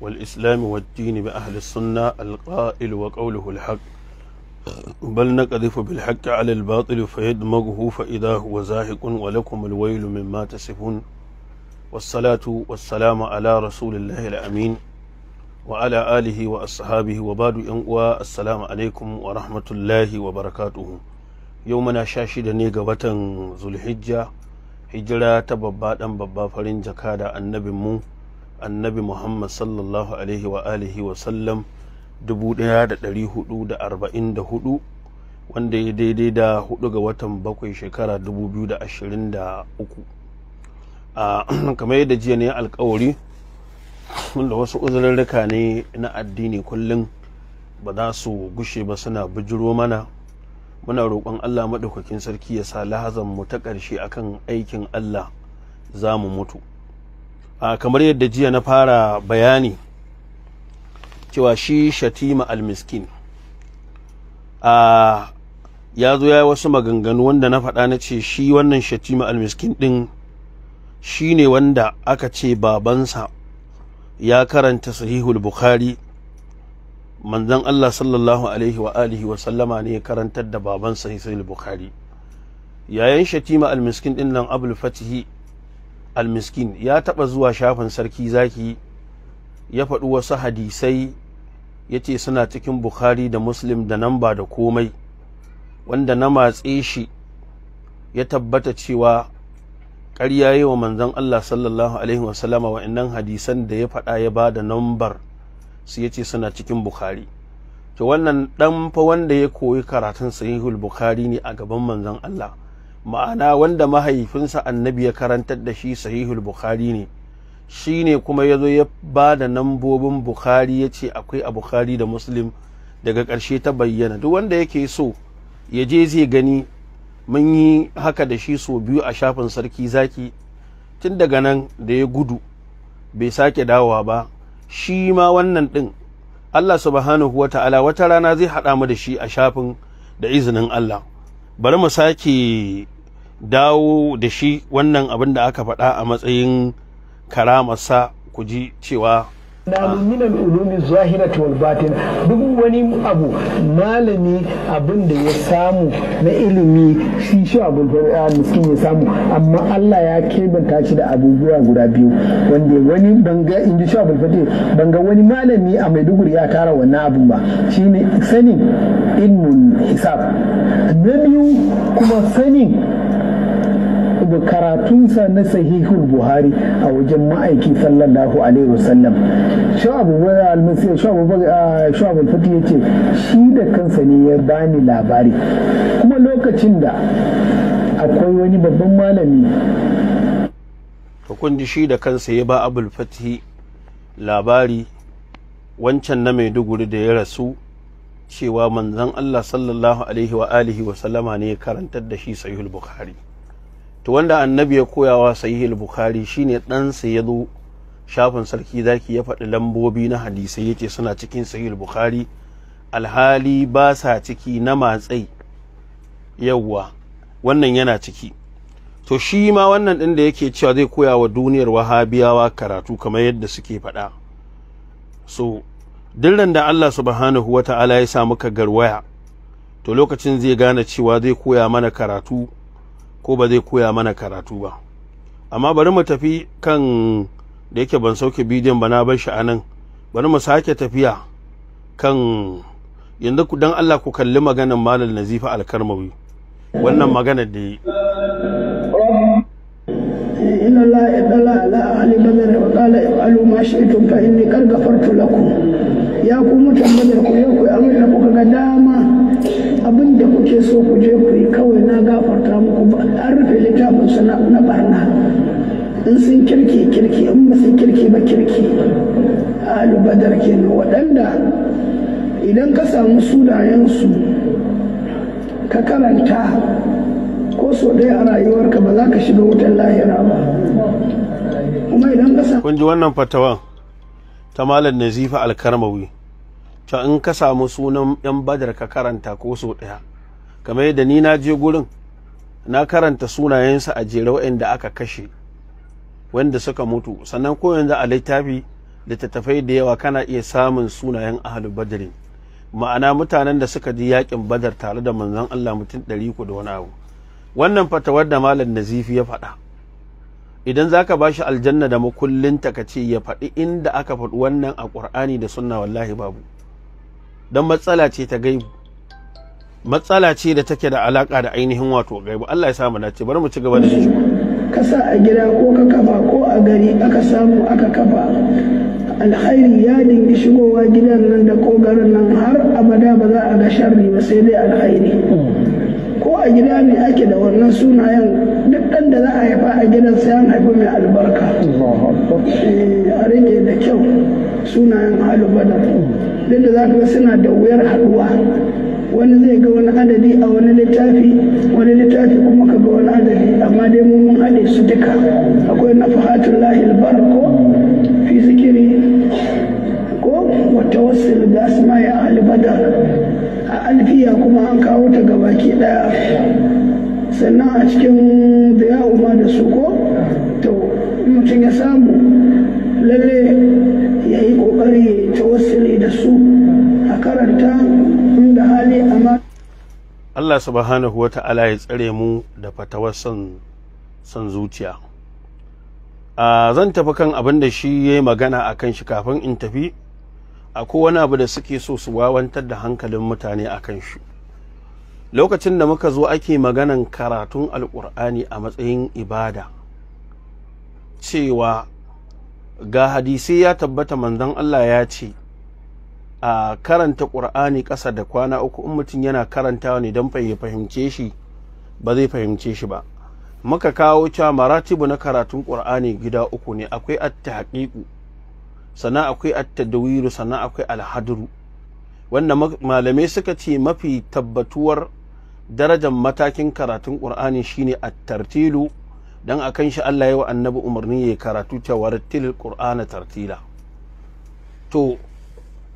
والإسلام والدين بأهل السنة القائل وقوله الحق بل نقذف بالحق على الباطل فيدمغه فإذا هو زاهق ولكم الويل مما تصفون والصلاة والسلام على رسول الله الأمين وعلى آله وأصحابه وبعد ينقوى السلام عليكم ورحمة الله وبركاته يومنا شاشد نيقبة ذو الحجة هجرة ببا دم ببا فرنجة النبي مو annabi muhammad sallallahu alaihi wa alihi wa sallam 1444 wanda ya daidai da hudu ga watan bakwai shekara 2023 a kamar yadda jiya ne alkawari wanda wasu uzurarrika ne na addini kullum ba za su gushe ba suna bijiro mana muna roƙon allah maɗaukakin sarki ya sa lahazan mu ta ƙarshe akan aikin allah za mu mutu kamar yadda jiya na fara bayani cewa shi shatima almiskin ya zo ya yi wasu maganganu wanda na faɗa na ce shi wannan shatima almiskin ɗin shi ne wanda aka ce babansa ya karanta sahihul bukhari manzan Allah sallallahu alaihi wa wa sallama ne ya karantar da babansa sahihul bukhari yayin shatima almiskin ɗin nan abul fatihi al almiskin ya taɓa zuwa shafin sarki zaki ya faɗi wasu hadisai ya ce suna cikin bukhari da muslim da nan ba da komai wanda na matse shi ya tabbata cewa ƙarya yi wa manzon Allah sallallahu alaihi wasallama wa'annan hadisan da ya faɗa ya ba da nambar su ya ce suna cikin bukhari to wannan ɗan fa wanda ya koyi karatun sahihul bukhari ne a gaban manzon Allah ma'ana wanda mahaifinsa annabi ya karantar da shi sahihul bukhari ne shi ne kuma ya zo ya ba da nambobin bukhari ya ce akwai a bukhari da muslim daga ƙarshe ta bayyana duk wanda yake so ya je zai gani mun yi haka da shi so biyu a shafin sarki zaki tun daga nan da ya gudu bai sake dawowa ba shi ma wannan ɗin Allah subhanahu wa ta'ala wata rana zai haɗa mu da shi a shafin da izinin Allah bari mu sake dawo da shi wannan abin da aka faɗa a matsayin karamarsa ku ji cewa na min ulumi zahira ta walbatin, duk wani abu malami abin da ya samu na ilimi shi shi abul miskin ya samu amma Allah ya kebanta shi da abubuwa guda biyu wanda wani banga in ji shi abul banga wani malami a Maiduguri ya tara wannan abu ba shi ne sanin ilmun hisab na biyu kuma sanin daga karatunsa na sahihul buhari a wajen ma'aiki sallallahu alaihi wasallam shu'abu ah, fati ya ce shi da kansa ne ya bani labari kuma lokacin da akwai wani babban malami hukundi shi da kansa ya ba abul fati labari wancan na maiduguri da ya rasu cewa manzon Allah sallallahu alaihi wa alihi wa sallama ne ya karantar da shi sahihul bukhari to wanda annabi ya koyawa sahihul bukhari shine dan ɗansa ya zo shafin sarki zaki ya faɗi lambobi na hadisai yace suna cikin sahihul bukhari alhali ba sa ciki na matsayi yawwa wannan yana ciki to shi ma wannan din da yake cewa zai koya wa duniyar wahabiyawa karatu kamar yadda suke faɗa so dillan da Allah subhanahu wata'ala ala ya sa muka garwaya to lokacin zai gane cewa zai koya mana karatu ko ba zai koya mana karatu ba amma bari mu tafi kan da yake ban sauke bidiyon ba na bar shi anan bari mu sake tafiya kan yanzu ku dan Allah ku kalli maganar Malam Nazifa Alkarmawi wannan magana da yi إن الله إدل على أهل بدر وقال افعلوا ما شئتم فإني قد غفرت لكم يا ku بدر ku yi أمر لكم dama. abin da kuke so ku je ku yi kawai na gafarta muku ba an rufe littafin su na barna in sun kirki kirki in ba sun kirki ba kirki alu badar kenan waɗanda idan ka samu sunayensu ka karanta ko so ɗaya a rayuwarka ba za ka shiga wutan lahira ba kuma idan ka samu kun ji wannan fatawan ta malam nazifa alkarmawi to in ka samu sunan yan badar ka karanta ko so ɗaya kamar yadda ni na je gurin na karanta sunayensa a jere waɗanda aka kashe wanda suka mutu sannan ko yanzu a littafi littattafai da yawa kana iya samun sunayen ahalu badarin ma'ana mutanen da suka ji yakin badar tare da manzon Allah mutum ɗari ku da wani abu wannan fatawar da malam nazifi ya faɗa idan zaka bashi aljanna da makullin ka ce ya faɗi inda aka faɗi wannan a ƙur'ani da sunna wallahi babu don matsala ce ta gaibu matsala ce da take da alaka da ainihin wato gaibu Allah ya samu dace bari mu ci gaba da shi kasa a gida ko ka kafa ko a gari aka samu aka kafa alkhairi ya dingi shigowa gidan nan da kogarin nan har abada ba za a ga sharri ba sai dai alkhairi ko a gida ne ake da wannan sunayen duk ɗan da za a haifa a gidan sai an haifa mai albarka eh, a rike da kyau sunayen halubadar duk da za ka ga suna da wuyar haɗuwa wani zai ga wani adadi a wani littafi wani littafi kuma ka ga wani adadi amma dai mu mun haɗe su duka akwai na fahatun lahil ko fi zikiri ko wata wasu da asma ya alibadar a alfiya kuma an kawo ta ga baki ɗaya sannan a cikin da ya umar da su ko to mutum ya samu lalle ya yi ƙoƙari ta wasu da su inda hali Allah subhanahu wa ta'ala ya tsare mu da fatawar son son zuciya a zan tafi kan abin da shi ya yi magana a kan shi kafin in tafi akwai wani abu da suke so su wawantar da hankalin mutane a kan shi lokacin da muka zo ake maganan karatun alkur'ani a matsayin ibada cewa ga hadisai ya tabbata manzon Allah ya ce a karanta ƙur'ani ƙasa da kwana uku in mutum yana karanta ne don ya fahimce shi ba zai fahimce shi ba muka kawo cewa maratibu na karatun ƙur'ani gida uku ne akwai at-tahqiqu sannan akwai at-tadwiru sannan akwai al-hadru wanda malamai suka ce mafi tabbatuwar darajar matakin karatun ƙur'ani shine at-tartilu dan akan shi Allah ya wa annabi umarni ya karatu tawartil ƙur'ana tartila to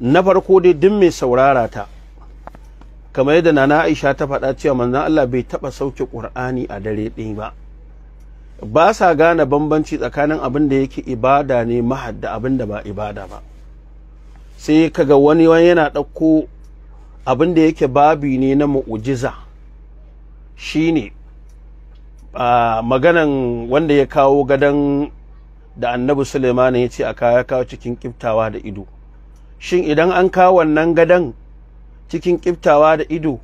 na farko dai duk mai saurara ta kamar yadda nana Aisha ta faɗa cewa manzan Allah bai taɓa sauke ƙur'ani a dare ɗin ba ba sa gane bambanci tsakanin abin da yake ibada ne mahad da abin da ba ibada ba sai kaga wani wani yana ɗauko abin da yake babi ne na mu'ujiza shine a maganan wanda ya kawo gadon da annabi Suleiman ya ce a kaya kawo cikin kiftawa da ido shin idan an kawo wannan gadon cikin ƙiftawa da ido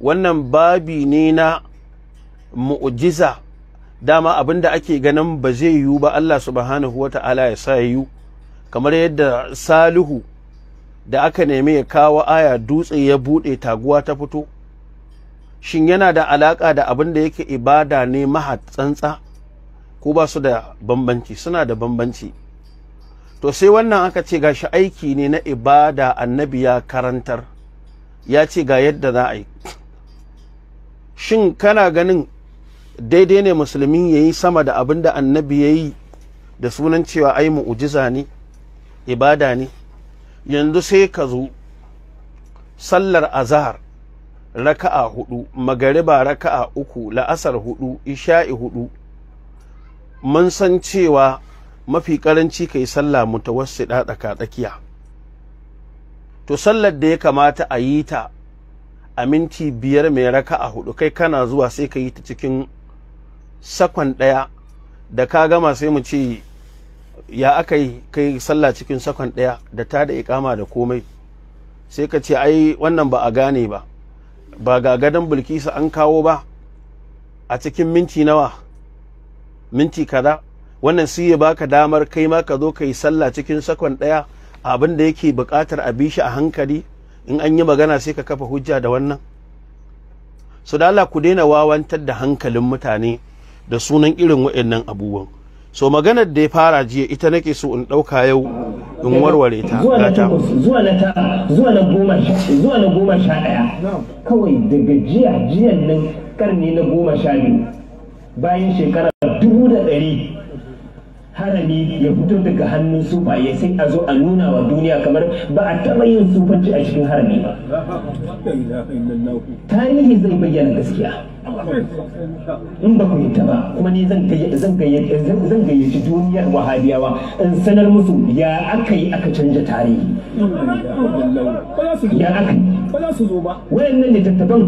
wannan babi ne na mu'ujiza dama abin da ake ganin ba zai yiwu ba Allah subhanahu wa ta'ala ya sa yiwu kamar yadda salihu da aka nemi ya kawo aya dutse ya buɗe taguwa ta fito shin yana da alaƙa da abin da yake ibada ne maha tsantsa ko ba su da bambanci suna da bambanci to sai wannan aka ce gashi aiki ne na ibada annabi ya karantar ya ce ga yadda za a yi shin kana ganin daidai ne musulmi ya yi sama da abin da annabi ya yi da sunan cewa ai mu'ujiza ne ibada ne yanzu sai ka zo sallar azahar raka'a hudu magariba raka'a uku la'asar hudu isha'i hudu mun san cewa mafi karanci kai sallah mutawassida tsaka tsakiya to sallar da ya kamata a yi ta a minti biyar mai raka'a a hudu kai kana zuwa sai ka yi ta cikin sakon daya da ka gama sai mu ce ya aka kai sallah cikin sakon daya da ta da ikama da komai sai ka ce ai wannan ba a gane ba ba ga gadon bilkisa an kawo ba a cikin minti nawa minti kaza wannan sai ya baka damar kai ma ka zo ka yi sallah cikin sakon ɗaya abin da yake buƙatar a bishi a hankali in an yi magana sai ka kafa hujja da wannan su da Allah ku daina wawantar da hankalin mutane da sunan irin waɗannan abubuwan so maganar da ya fara jiya ita nake so in ɗauka yau in warware ta zuwa na goma sha ɗaya kawai daga jiya jiyan nan karni na goma sha biyu bayan shekara dubu da ɗari harami ya fito daga hannun sufaye sai a zo a nuna wa duniya kamar ba a taɓa yin sufanci a cikin harami ba tarihi zai bayyana gaskiya in ba ku yi ta ba kuma ne zan gayyaci duniyar wahabiyawa in sanar musu ya aka yi aka canja tarihi ya aka yi wayannan littattafan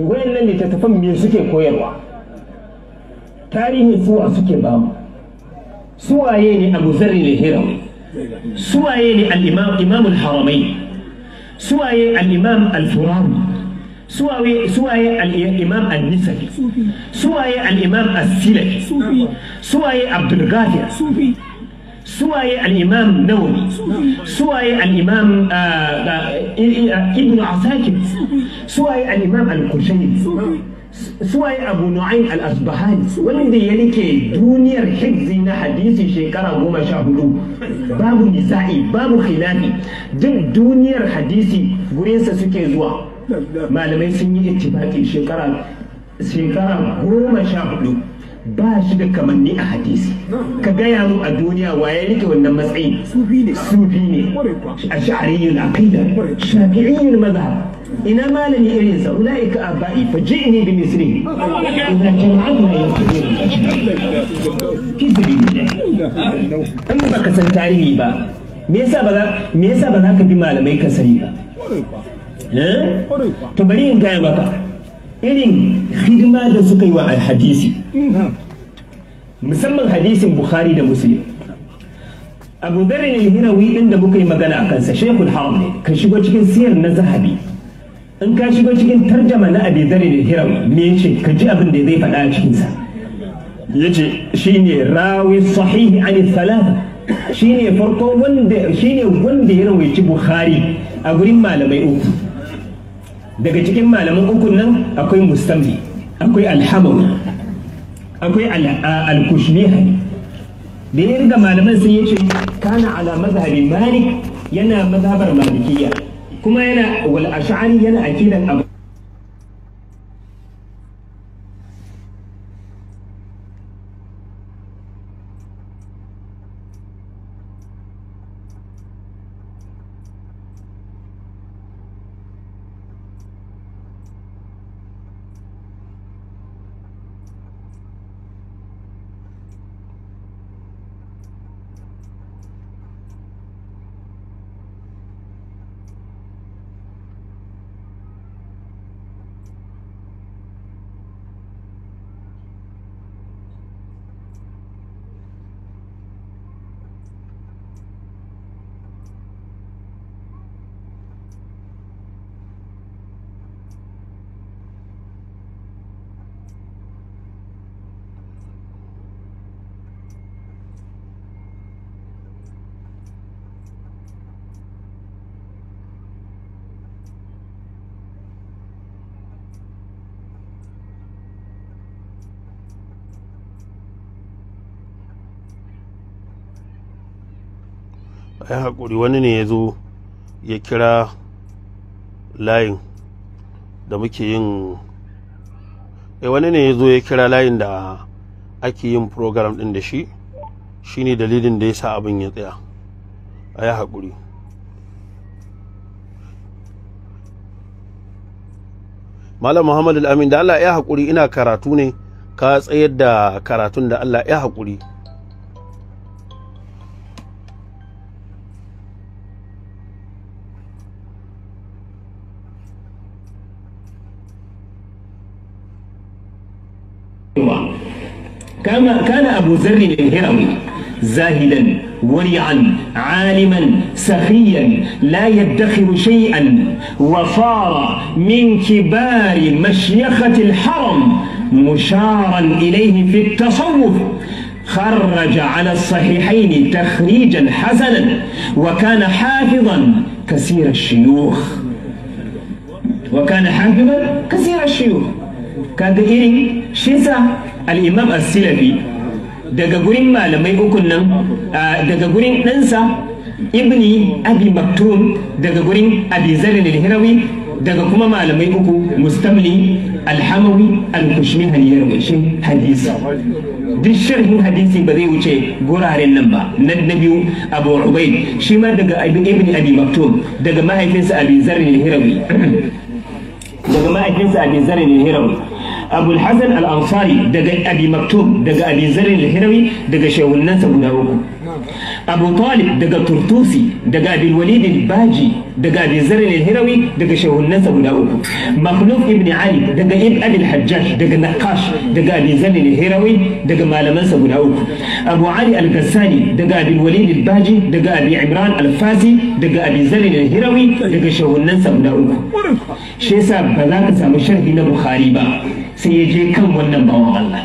wayannan littattafan me suke koyarwa tarihin suwa suke bamu سوى يني أبو ذر الهروي سوى يني الإمام إمام الحرمين سوى الإمام الفرام سوى سوى الإمام النسك سوى الإمام السلك سوى عبد الغافر سوى الإمام نوري سوى الإمام آه، آه، آه، ابن عساكر سوى الإمام القشيري suwaye abu nu'ayn al asbahan wanda ya rike duniyar hizzi na hadisi shekara goma sha hudu babu nisa'i babu khilafi duk duniyar hadisi gurinsa suke zuwa malamai sun yi ittibaki shekara goma sha hudu ba shi da kamanni a hadisi ka gaya mu a duniya waye rike wannan matsayi sufi ne sufi ne ash'ariyul aqida shafi'iyul mazhab ina malami irin sa ulaika abai fa ji'ni bi misri idan jama'atu ne hizbi baka san tarihi ba me yasa ba za me yasa ba za ka bi malamai ka sani ba eh? to bari in gaya maka irin hidima da suka yi wa alhadisi musamman hadisin bukhari da muslim abu dare ne hirawi wuyi da muka yi magana a kansa shekul haram ne ka shigo cikin siyar na zahabi in ka shigo cikin tarjama na abu dare ne hirawi me ce ka ji abin da zai faɗa a cikinsa ya ce shi ne rawi sahihi an salata shi farko wanda wanda ya rawaici bukhari a gurin malamai uku daga cikin malaman ukun nan akwai mustamli akwai alhamawi akwai alkushmihani da ya riga malaman sai ya ce kana ala mazhabin malik yana mazhabar malikiya kuma yana wal ash'ari yana akidan abu ai haƙuri wani ne ya zo ya kira layin da muke yin e wani ne ya zo ya kira layin da ake yin program ɗin da shi shi ne dalilin da ya sa abin ya tsaya a yi haƙuri malam muhammad al'amin da allah ya haƙuri ina karatu ne ka tsayar da karatun da allah ya haƙuri كان أبو ذر الهرمي زاهدا ورعا عالما سخيا لا يدخر شيئا وصار من كبار مشيخة الحرم مشارا إليه في التصوف خرج على الصحيحين تخريجا حسنا وكان حافظا كثير الشيوخ وكان حافظا كثير الشيوخ كان إيري شيسا al-imam daga gurin malamai ukun nan daga gurin ɗansa ibni abi maktum daga gurin abi zarin al-hirawi daga kuma malamai uku mustamli alhamawi al-kushmi hadisin hadisi duk sharhin hadisi ba zai wuce guraren nan ba na biyu abu ubaid shi ma daga ibn abi maktum daga mahaifinsa abi al-hirawi daga mahaifinsa abi zarin al-hirawi abul hasan al-ansari daga abi maktub daga abi zarin al-hirawi daga shehunansa guda uku abu talib daga turtusi daga abin walid baji daga abin zarin hirawi daga shahunansa guda uku makhluf ibn ali daga ibn abin hajjaj daga nakash daga abin zarin hirawi daga malamansa guda uku abu ali al-gassani daga abin walid baji daga abin imran al-fazi daga abin zarin hirawi daga shahunansa guda uku shi yasa ba za ka samu sharhi na bukhari ba sai ya je kan wannan bawan allah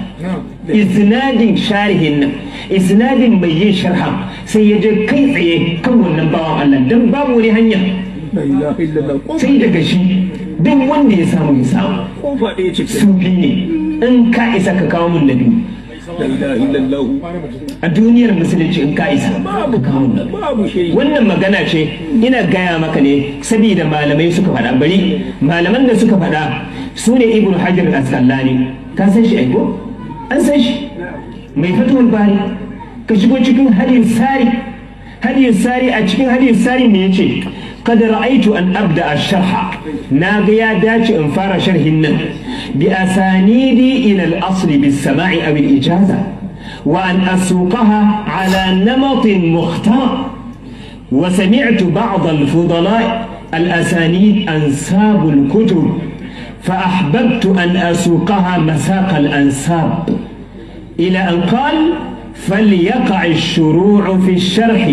isnadin sharihin nan isnadin mai yin sharha sai ya je kai tsaye kan wannan bawa Allah dan babu wani hanya sai daga shi duk wanda ya samu ya samu sufi ne in ka isa ka kawo mun nabi a duniyar musulunci in ka isa ka kawo wannan magana ce ina gaya maka ne saboda malamai suka faɗa bari malaman da suka faɗa su ne ibn hajar al-asqalani ka san shi aiko أنسج ما الباري كشبو تشكين هذه الساري هذه الساري أشكين هذه الساري ميتشي قد رأيت أن أبدأ الشرح ناقيا داتش انفار شرح بأسانيدي إلى الأصل بالسماع أو الإجازة وأن أسوقها على نمط مختار وسمعت بعض الفضلاء الأسانيد أنساب الكتب فأحببت أن أسوقها مساق الأنساب إلى أن قال فليقع الشروع في الشرح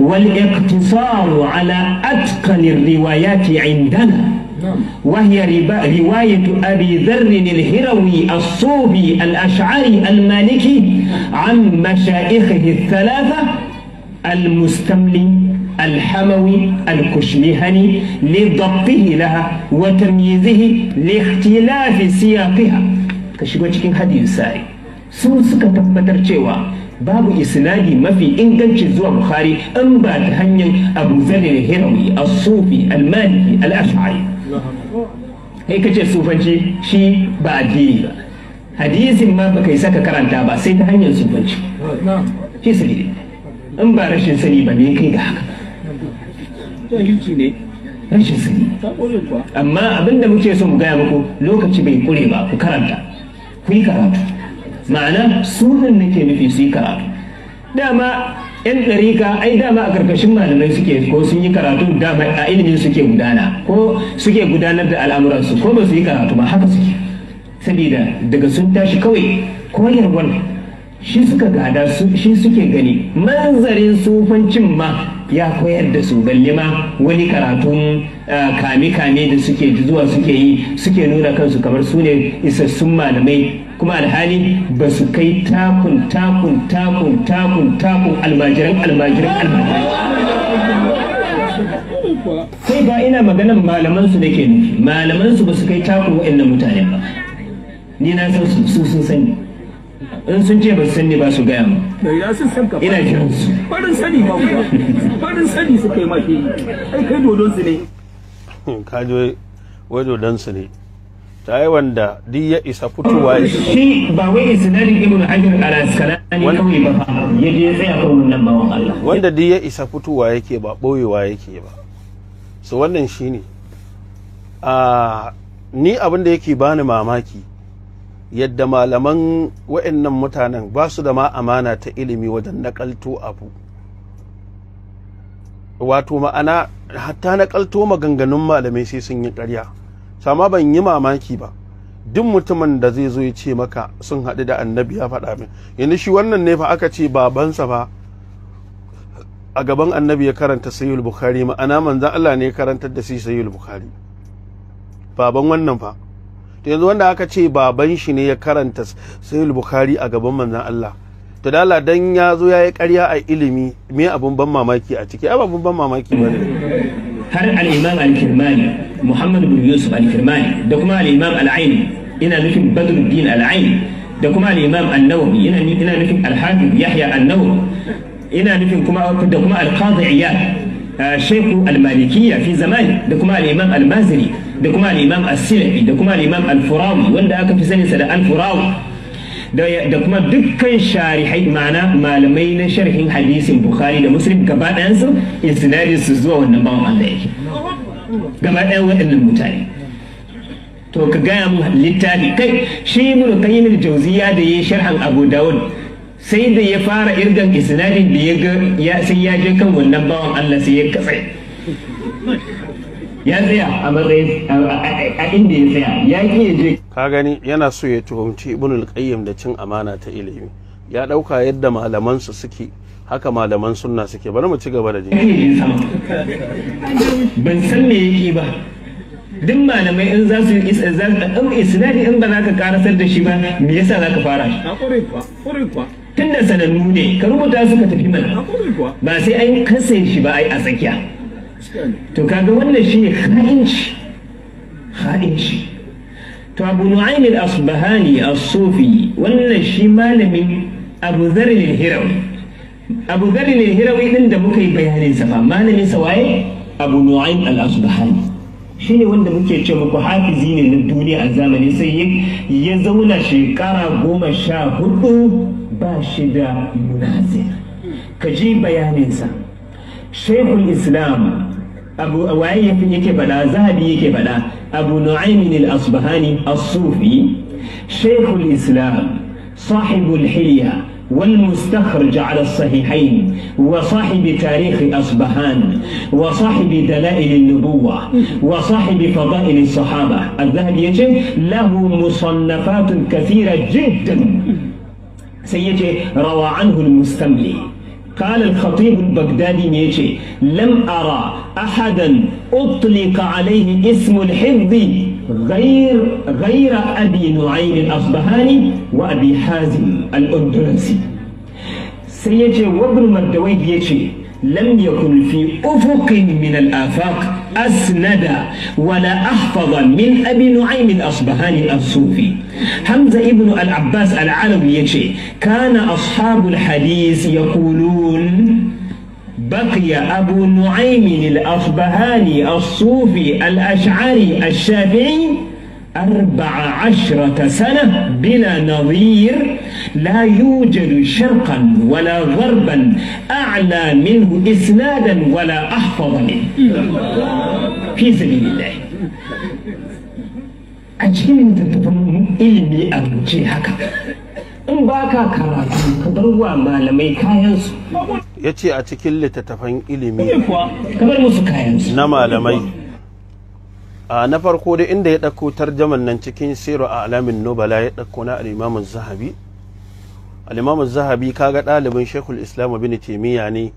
والاقتصار على أتقن الروايات عندنا نعم. وهي رواية أبي ذر الهروي الصوبي الأشعري المالكي عن مشايخه الثلاثة المستملي الحموي الكشمهني لضبطه لها وتمييزه لاختلاف سياقها كشيغو cikin hadin sai su suka tabbatar cewa babu isnadi mafi inganci zuwa bukhari an ba ta hanyar abu zar al-hirawi as-sufi al-maliki al-ash'ari kai kace sufanci shi ba addini ba hadisin ma baka kai saka karanta ba sai ta hanyar sufanci shi sabili in ba rashin sani ba ne kai ga haka ne rashin sani amma abin da muke so mu gaya muku lokaci bai kure ba ku karanta ku yi karatu ma'ana sunan nake nufi su yi karatu dama yan ɗarika ai dama a ƙarƙashin malamai suke ko sun yi karatu dama a ilimin suke gudana ko suke gudanar da al'amuransu ko ba su yi karatu ba haka suke saboda daga sun tashi kawai koyarwar shi suka gada shi suke gani manzarin sufancin ma ya koyar da su balle ma wani karatun eh, kame-kame da suke zuwa suke yi suke nuna kansu kamar su ne isassun malamai kuma alhali ba su kai takun takun takun takun takun almajiran almajiran almajiran sai ba ina maganan malamansu da ke nufi malamansu ba su kai takun waɗannan mutane ba ni na san su sun sani in sun ce ba su san ne ba su gaya mu ina kiran su farin sani ba kuwa farin sani suka yi mafi ai kai dodon su ne hmm, ka je wai dodon su ne ta yi wanda duk ya isa fitowa ya shi ba wai isnadin ibn hajar al-asqalani kawai ba ya je tsaya nan ba bawan Allah wanda duk ya isa fitowa yake ba boyewa yake ba su wannan shine a ah, ni abin da yake bani mamaki yadda malaman wa'annan mutanen ba su da ma amana ta ilimi wajen nakalto abu wato ma'ana hatta nakalto maganganun malamai sai sun yi karya. sama ban yi mamaki ba duk mutumin da zai zo ya ce maka sun haɗu da annabi ya faɗa min yanzu shi wannan ne fa aka ce babansa ba a gaban annabi ya karanta sayyul bukhari ma'ana manzan Allah ne ya karantar da shi sayyul bukhari baban wannan fa to yanzu wanda aka ce baban shi ne ya karanta sahih bukhari a gaban manzon Allah to da Allah dan ya zo yayi ƙarya a ilimi me abun ban mamaki a ciki ai abun ban mamaki bane har al-imam al-kirmani muhammad bin yusuf al-kirmani da kuma al-imam al-aini ina nufin badruddin al-aini da kuma al-imam an-nawawi ina ina nufin al-hafiz yahya an-nawawi ina nufin kuma da kuma al-qadi iyad eh, shaykh al-malikiyya fi zamani da kuma al-imam al-maziri da kuma al-imam da kuma al-imam al-furawi wanda aka fi saninsa da al-furawi da kuma dukkan sharihai ma'ana malamai na sharhin hadisin bukhari da muslim gaba ɗayansu isnadin su zuwa wannan bawan Allah yake gaba ɗayan waɗannan mutane to ka gaya mu littafi kai shi mun qayyim al-jawziya da yayi sharhan abu dawud sai da ya fara irgan isnadin da ya ga sai ya je kan wannan bawan Allah sai ya katse ya tsaya a matsayin a inda ya tsaya ya ki ya je ka gani yana so ya tuhumci ibnul qayyim da cin amana ta ilimi ya dauka yadda malaman su suke haka malaman sunna suke bari mu ci gaba da jini ban san me yake ba duk malamai in za su yi isnadi in ba za ka karasar da shi ba me yasa za ka fara shi tun da sanannu ne ka rubuta su ka tafi mana ba sai an kasa shi ba ai a tsakiya to kaga wannan shine ha'inci ha'inci to abu nu'aym al-asbahani as-sufi wannan shi malamin abu dharr al-hirawi abu dharr al-hirawi din da muka yi bayanin sa fa malamin sa waye abu nu'aym al-asbahani shine wanda muke ce muku hafizi ne na duniya a zamani sai ya zauna shekara goma sha hudu ba shi da munazir ka ji bayaninsa shekul islam أبو أوعية yake faɗa zahabi yake faɗa abu nu'aymin al-asbahani as-sufi shaykhul والمستخرج على الصحيحين وصاحب تاريخ أصبهان وصاحب دلائل النبوة وصاحب فضائل الصحابة الذهبي يجي له مصنفات كثيرة جدا سيجي روى عنه المستملي قال الخطيب البغدادي ميشي لم أرى أحدا أطلق عليه اسم الحفظ غير غير أبي نعيم الأصبهاني وأبي حازم الأندلسي سيجي وابن مردويه يجي لم يكن في أفق من الآفاق أسند ولا أحفظ من أبي نعيم الأصبهاني الصوفي حمزة ابن العباس العالم يشي كان أصحاب الحديث يقولون بقي أبو نعيم الأصبهاني الصوفي الأشعري الشافعي أربع عشرة ta بلا bina لا يوجد شرقا ولا غربا أعلى منه إسنادا ولا أحفظ منه في a cikin littattafan ilimi a rubuce haka in baka karatu ka bar kayansu ya ce a cikin littattafan ilimi ka bar musu kayansu na malamai a na farko da inda ya ɗauko tarjaman nan cikin siru a alamin nobala ya ɗauko na al'imamun zahabi al'imamun zahabi kaga ɗalibin shekul islam bin taimiyya ne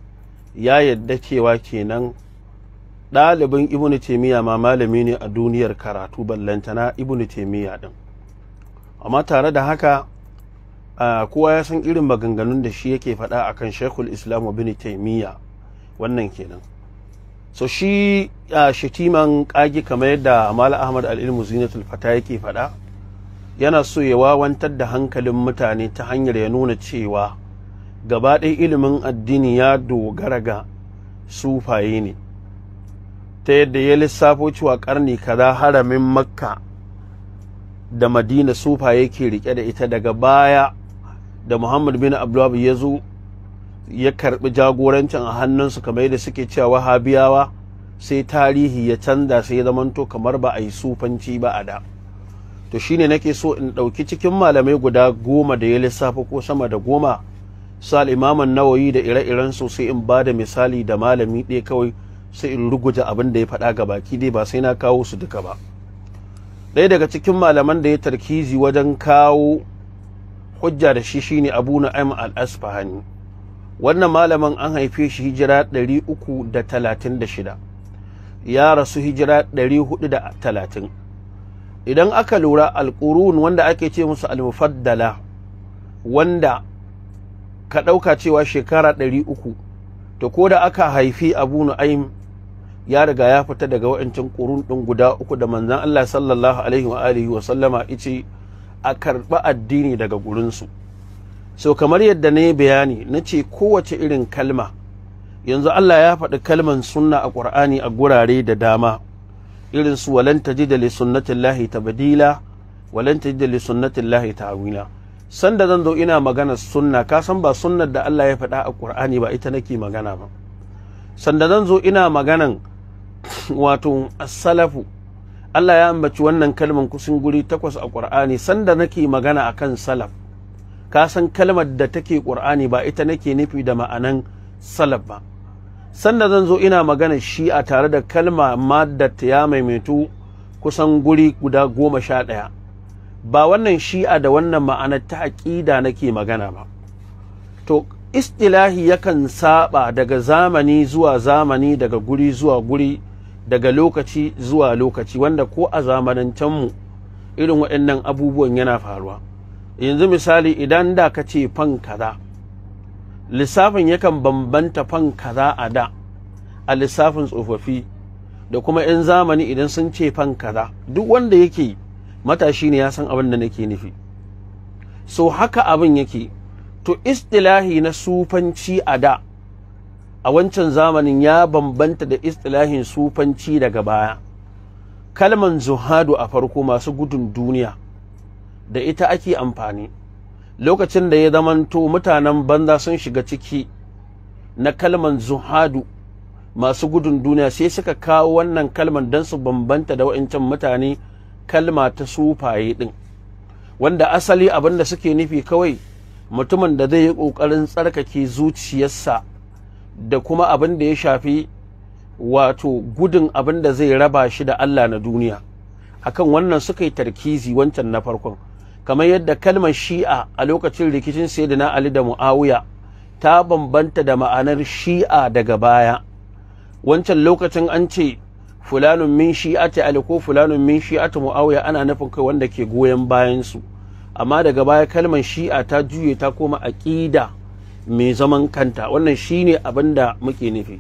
ya yadda cewa kenan ɗalibin ibn taimiyya ma malami ne a duniyar karatu ballantana ibn taimiyya ɗin amma tare da haka kowa ya san irin maganganun da shi yake faɗa akan shekul islam bin taimiyya wannan kenan so shi a uh, shitiman kagi kamar yadda mala ahmad al'ilmu zinatul fata yake faɗa yana so ya wawantar da hankalin mutane ta hanyar ya nuna cewa gaba ɗaya ilimin addini ya dogara ga sufaye ne ta yadda ya lissafo cewa ƙarni kaza haramin makka da madina sufaye ke rike da ita daga baya da muhammad bin abdullahi ya zo ya karbi jagorancin a hannunsu kamar yadda suke cewa wahabiyawa sai tarihi ya canza sai zamanto kamar ba a yi sufanci ba a da to shine nake so in ɗauki cikin malamai guda goma da ya lissafa ko sama da goma sal imaman nawayi da ire-iren su sai in ba da misali da malami ɗaya kawai sai in ruguja abin da ya faɗa ga baki dai ba sai na kawo su duka ba ɗaya daga cikin malaman da ya tarkizi wajen kawo hujja da shi shine abu m al-asfahani wannan malaman an haife shi hijira 336 ya rasu hijira 430 idan aka lura alƙurun wanda ake ce musu almufaddala wanda ka ɗauka cewa shekara 300 to ko da aka haifi abu nu'aim ya riga ya fita daga wa'ancin ƙurun ɗin guda uku da manzan Allah sallallahu alaihi wa alihi wa sallama ice a karɓi addini daga gurinsu. so kamar yadda na yi bayani na ce kowace irin kalma yanzu Allah ya faɗi kalman sunna a ƙwar'ani a gurare da dama irin su walan ta badila walanta ji walan tajida lahi ta awina sanda zan zo ina magana sunna ka san ba sunnar da Allah ya faɗa a Qur'ani ba ita nake magana ba sanda zan zo ina maganan wato asalafu salafu Allah ya ambaci wannan kalman kusan guri takwas a Qur'ani sanda nake magana akan salaf ka san kalmar da take ƙur'ani ba ita nake nufi da ma'anan salaf ba sanda zan zo ina magana shi a tare da kalma madda ta ya maimaitu kusan guri guda goma sha ɗaya ba wannan shi'a da wannan ma'anar ta aƙida nake magana ba to istilahi yakan saba daga zamani zuwa zamani daga guri zuwa guri daga lokaci zuwa lokaci wanda ko a zamanin mu irin waɗannan abubuwan yana faruwa yanzu misali idan da ka ce fan kaza lissafin yakan bambanta fan kaza a da a lissafin tsofaffi da kuma 'yan zamani idan sun ce fan kaza duk wanda yake matashi ne ya san abin da nake nufi so haka abin yake to istilahi na sufanci a da a wancan zamanin ya bambanta da istilahin sufanci daga baya kalman zuhadu a farko masu gudun duniya da ita ake amfani lokacin da ya zamanto mutanen banza sun shiga ciki na kalman zuhadu masu gudun duniya sai suka kawo wannan kalman don su bambanta da wa'incan mutane kalma ta sufaye din. wanda asali abin da suke nufi kawai mutumin da zai yi ƙoƙarin tsarkake zuciyarsa da kuma abin da ya shafi wato gudun abin da zai raba shi da Allah na duniya akan wannan suka yi tarkizi wancan na farkon kamar yadda kalmar shi'a a lokacin rikicin sayyidina ali da muawiya ta bambanta da ma'anar shi'a daga baya wancan lokacin an ce fulanun min shi'ati ali ko fulanun min shi'ati muawiya ana nufin kai wanda ke goyon bayan su amma daga baya kalmar shi'a ta juye ta koma aqida mai zaman kanta wannan shine abin da muke nufi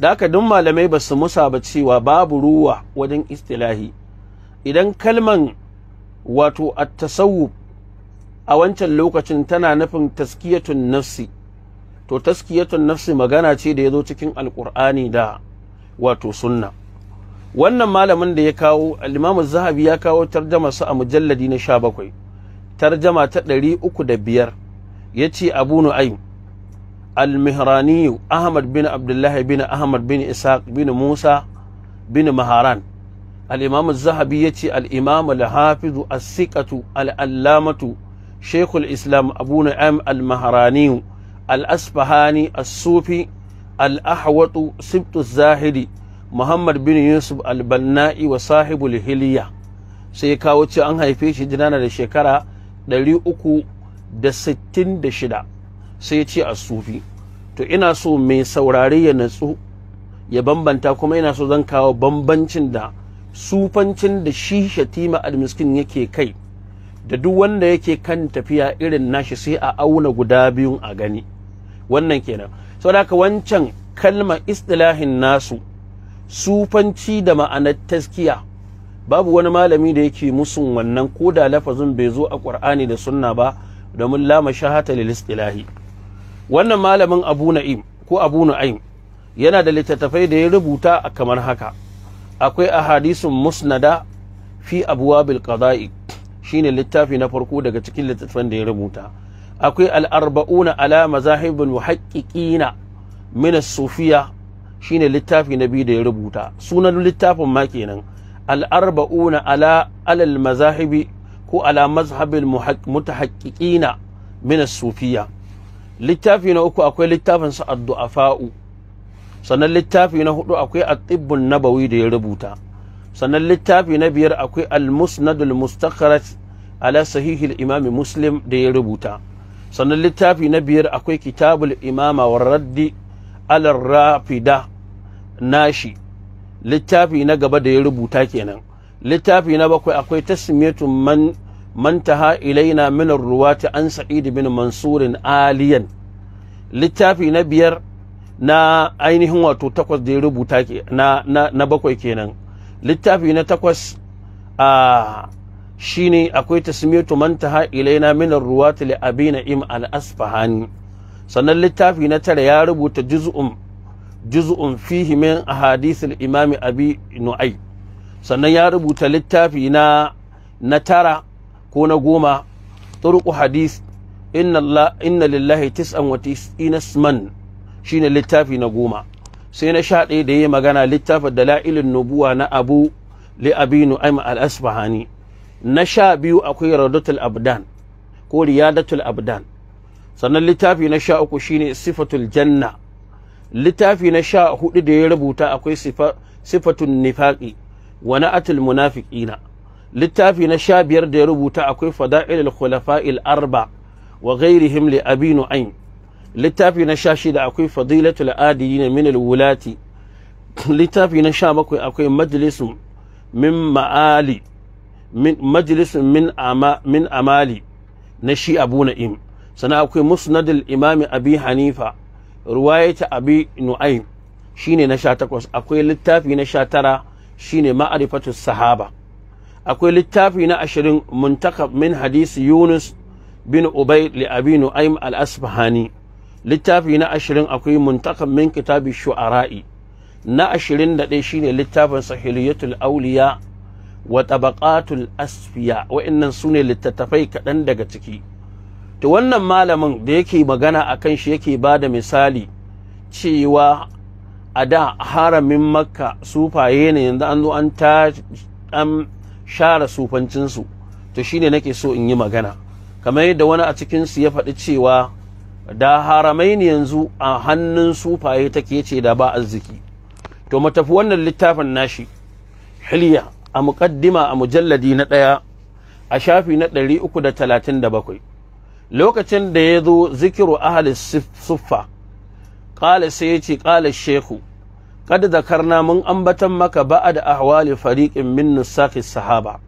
da haka duk malamai ba su musa ba cewa babu ruwa wajen istilahi idan kalman wato at a wancan lokacin tana nufin taskiyatun nafsi to taskiyatun nafsi magana ce da ya zo cikin alkur'ani da wato sunna wannan malamin da ya kawo al zahabi ya kawo tarjama su a mujalladi na sha bakwai tarjama ta ɗari uku da biyar ya ce abu nu'aym al ahmad bin abdullahi bin ahmad bin Isaac bin musa bin maharan al-imam az-zahabi yace al-imam al-hafiz al-allamatu shaykhul islam abu nu'aym al al-asfahani as-sufi al-ahwatu sibtu zahiri muhammad bin yusuf albannai wa sahibul hiliya sai kawo ce an haife shi jinana da shekara 366 sai ce asufi to ina so mai saurari natsu ya bambanta kuma ina so zan kawo bambancin da sufancin da shi shatima almiskin yake kai da duk wanda yake kan tafiya irin nashi sai a auna guda biyun a gani wannan kenan saboda haka wancan kalma istilahin nasu sufanci da ma'anar taskiya babu wani malami da yake musun wannan ko da lafazin bai zo a ƙur'ani da sunna ba domin lama shahata lil istilahi wannan malamin abu na'im ko abu na'im yana da littattafai da ya rubuta kamar haka akwai ahadisun musnada fi abwabil shi shine littafi na farko daga cikin littattafan da ya rubuta akwai alarba'u arbauna ala mazahibul muhaqqiqina min as shi ne littafi na biyu da ya rubuta sunan littafin ma kenan al-arba'una ala alal mazahibi ko ala mazhabin mutahaƙiƙina min sufiya littafi na uku akwai littafin sa duafau sannan littafi na hudu akwai at-tibbun nabawi da ya rubuta sannan littafi na biyar akwai almusnadul musnadul mustakharat ala sahihil imami muslim da ya rubuta sannan littafi na biyar akwai kitabul imama wa raddi alar rafida nashi littafi na gaba da ya rubuta kenan littafi na bakwai akwai tasmiyatu man man ilaina min ruwati an sa'id bin mansurin aliyan littafi na biyar na ainihin wato takwas da ya rubuta na, bakwai kenan littafi na takwas a shine akwai tasmiyatu man taha ilaina min ruwati li abi al-asfahani sannan littafi na tara ya rubuta juz'un juz'un fihi min ahadith al-imam abi nu'ay sannan ya rubuta littafi na tara ko na goma turuqu hadith inna inna lillahi tis'an wa isman shine littafi na goma sai na sha ɗaya da ya yi magana littafin dala'ilin nubuwa na abu li aima aim asfahani na sha biyu akwai radatul abdan ko riyadatul abdan sannan littafi na sha uku shine sifatul janna littafi na sha hudu da ya rubuta akwai sifatun nifaƙi wa na'atul munafiqina littafi na sha biyar da ya rubuta akwai fada'ilul khulafa'il arba wa ghairihim li abinu ain littafi na sha shida akwai fadilatul adilin min alwulati littafi na sha bakwai akwai majlisun min ma'ali majlisun min ama min amali na shi abu na'im sana akwai musnadul imami abi hanifa ruwayata abi nu'aym shine na sha takwas akwai littafi na sha tara shine ma'arifatu sahaba akwai littafi na ashirin muntakab min hadisi yunus bin ubay li abi nu'aym al-asfahani littafi na ashirin akwai muntakan min kitabi shu'ara'i na ashirin da ɗaya shine littafin sahiliyatul auliya wa tabaqatul asfiya wa'annan su ne littattafai kaɗan daga ciki to wannan malamin da yake magana a kan shi yake ba da misali cewa a da haramin makka sufaye ne yanzu an zo an ta an share sufancinsu to shine nake so in yi magana kamar yadda wani a cikinsu ya faɗi cewa da haramai ne yanzu a hannun sufaye take ce da ba arziki to mu wannan littafin nashi hilya a muƙaddima a mujalladi na ɗaya a shafi na ɗari uku da talatin da bakwai lokacin da ya zo zikiru ahali suffa ƙala sai ya ce ƙala shehu kad zakarna mun ambatan maka ba'ad ahwali fariqin min sahaba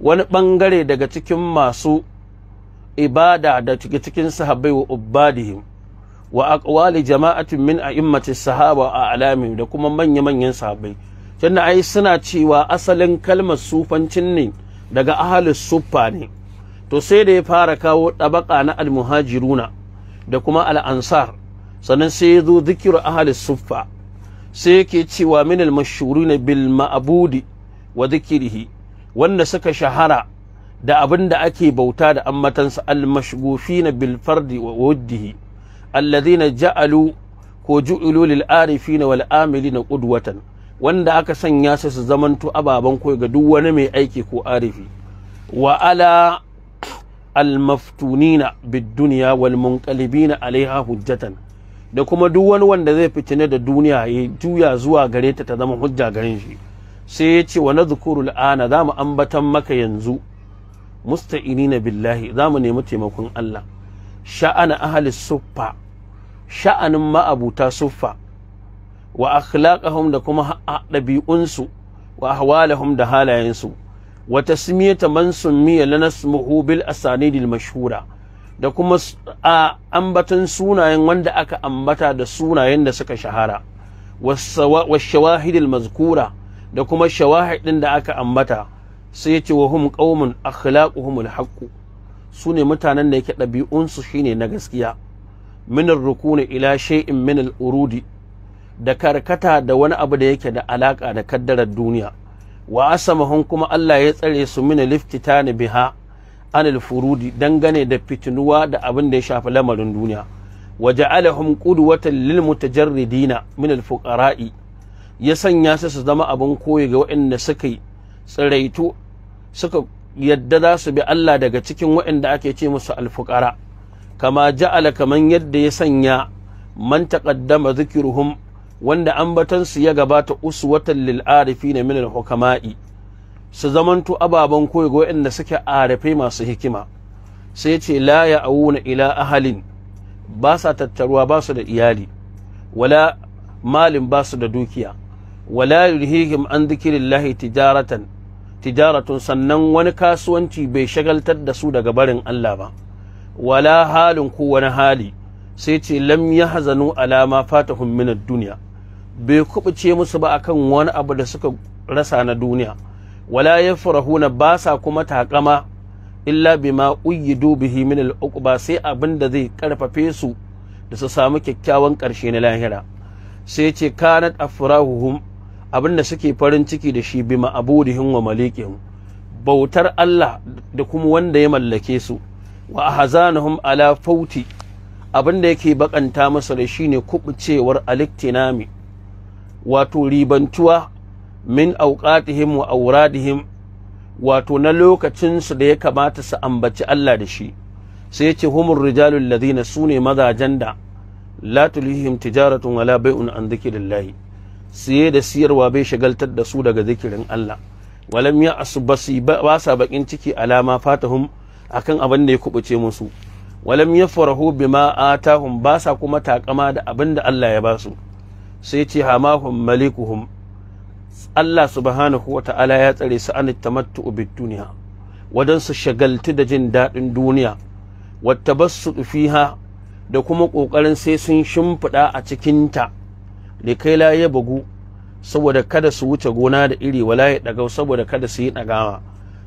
wani bangare daga cikin masu ibada da cikin cikin sahabbai wa ubbadihim wa aqwali jama'atin min a'immati sahaba a alami da kuma manya manyan sahabbai da ai suna cewa asalin kalmar sufancin ne daga ahalus suffa ne to sai da ya fara kawo ɗabaƙa na almuhajiruna da kuma al'ansar sannan sai ya zo zikiru ahalis suffa sai yake cewa min almashhurina bil ma'budi wa zikirihi wanda suka shahara da abin da ake bauta da ammatansa al-mashgufi na bilfardi wa wuddihi na ja'alu ko ju'ilu na wal'amili wal’amili na qudwatan wanda aka sanya su su zamanto ababen koyi ga duk wani mai aiki ko arifi wa ala almaftunina bid bidduniya wal munqalibina alaiha hujjatan da kuma duk wani wanda zai ne da duniya ya juya zuwa gare ta ta zama hujja gare shi sai ya ce wa nadhkuru al'ana zamu ambatan maka yanzu musta'inina billahi zamu nemi taimakon Allah sha'ana ahli suffa sha'anin ma'abuta suffa wa akhlaqahum da kuma ɗabi'unsu wa ahwalahum da halayensu wa tasmiyata man summiya lanasmuhu bil asanidil mashhura da kuma a ambatan sunayen wanda aka ambata da sunayen da suka shahara wa shawahidil mazkura da kuma shawahidin da aka ambata sai ya ce wa hum qaumun akhlaquhum alhaqu su ne mutanen da yake ɗabi'unsu shine na gaskiya min rukuni ila shay'in min urudi da karkata da wani abu da yake da alaka da kaddarar duniya wa asamahum kuma Allah ya tsare su min liftitani biha anil furudi dangane da fitinuwa da abin da ya shafi lamarin duniya wa ja'alahum qudwatan lil mutajarridina min al ya sanya su su zama abin koyi ga waɗanda suka yi tsiraitu suka yadda za su bi Allah daga cikin waɗanda ake ce musu alfukara kama ja'ala kaman yadda ya sanya man taqaddama zikruhum wanda su ya gabata uswatan lil arifin min al hukama'i su zamantu ababen koyi ga waɗanda suke arafai masu hikima sai ce la ya'awuna ila ahalin ba sa tattaruwa ba su da iyali wala malin ba su da dukiya wala hikim an dhikrillahi tijaratan tijaratun sannan wani kasuwanci bai shagaltar da su daga barin Allah ba wala halin ko wani hali sai ce lam ya hazanu alama fatahun minad duniya bai kubuce musu ba akan wani abu da suka rasa na duniya wala ya farahuna ba sa kuma takama illa bima uyyidu bihi min al'uqba ba sai abin da zai karfafe su da su samu kyakkyawan karshe na lahira sai ce kanat afrahuhum abin da suke farin ciki da shi bi ma'abudihim wa malikin bautar Allah da kuma wanda ya mallake su wa ahzanahum ala fauti abinda yake bakanta masa da shi shine kubucewar aliktinami wato ribantuwa min auqatihim wa awradihim wato na lokacin su da ya kamata su ambaci Allah da shi sai ya ce humur rijalul ladina sune mazajen da la tulihim tijaratun wala bai'un an dhikrillahi siye da siyarwa bai shagaltar da su daga zikirin Allah walam ya asu ba sa bakin ciki alama fatahum akan abin da ya kubuce musu walam ya farahu bima atahum ba sa kuma takama da abin da Allah ya basu. su sai ce hamahum malikuhum Allah subhanahu wa ta'ala ya tsare su an tamattu bid duniya wadan su shagaltu da jin daɗin duniya wattabassu fiha da kuma kokarin sai sun shimfiɗa a cikin ta. likaila la ya bugu saboda kada su wuce gona da iri wala ya ɗagau saboda kada su yi dagawa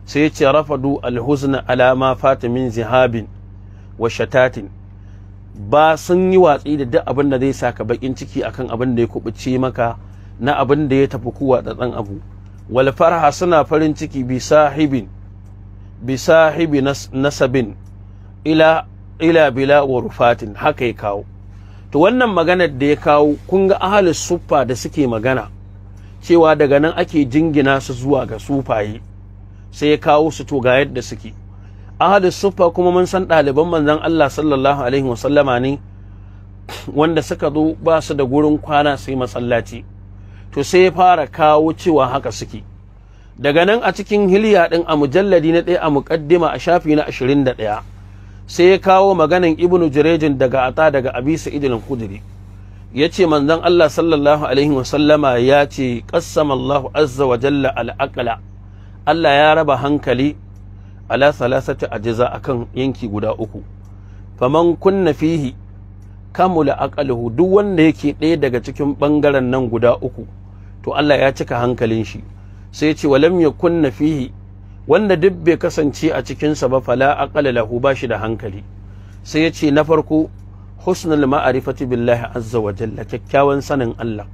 sai ce rafadu alhuzna alama fatimin zihabin wa shatatin ba sun yi watsi da duk abin da zai saka bakin ciki akan abin da ya kubuce maka na abin da ya tafi kuwa tsatsan abu wal farha suna farin ciki bi sahibin bi sahibi nasabin ila ila bila wa haka ya kawo to wannan maganar da ya kawo kun ga ahalus suffa da suke magana cewa daga nan ake jingina su zuwa ga sufaye sai ya kawo su to ga yadda suke ahalus suffa kuma mun san ɗaliban manzon Allah sallallahu alaihi wasallama ne wanda suka zo ba su da gurin kwana sai masallaci to sai ya fara kawo cewa haka suke daga nan a cikin hiliya din a mujalladi na ɗaya a mukaddima a shafi na ashirin da ɗaya sai ya kawo maganan ibnu jirejin daga ata daga abi sa'id al-khudri yace manzon Allah sallallahu alaihi wa sallama ya ce qassama Allahu azza wa jalla al-aqla Allah ya raba hankali ala salasati ajza akan yanki guda uku faman kunna fihi kamula aqaluhu duk wanda yake ɗaya daga cikin bangaren nan guda uku to Allah ya cika hankalin shi sai ya ce walam yakunna fihi wanda duk bai kasance a cikinsa ba fala aqala lahu ba shi da hankali sai ya ce na farko husnul ma'arifati billahi azza wa jalla kyakkyawan sanin Allah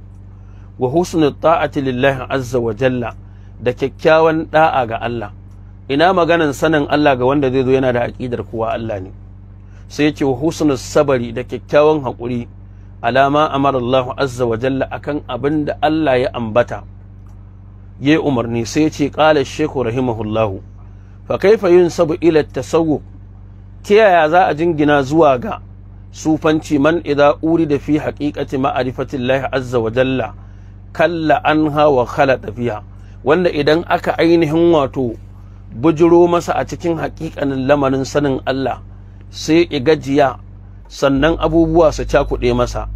wa husnul ta'ati lillahi azza wa jalla da kyakkyawan da'a ga Allah ina maganan sanin Allah ga wanda zai zo yana da aƙidar kuwa Allah ne sai ya ce wa husnul sabari da kyakkyawan haƙuri alama amara Allah azza wa jalla akan abin da Allah ya ambata ya umarni sai ce ƙala sheku rahimahullahu fa kaifa yin sabu ila tasawuf ta yaya za a jingina zuwa ga sufanci man uri da fi haqiqati ma'rifatillahi azza wa jalla kalla anha wa kala fiha wanda idan aka ainihin wato bujiro masa a cikin haƙiƙanin lamarin sanin Allah sai ya gajiya sannan abubuwa su cakuɗe masa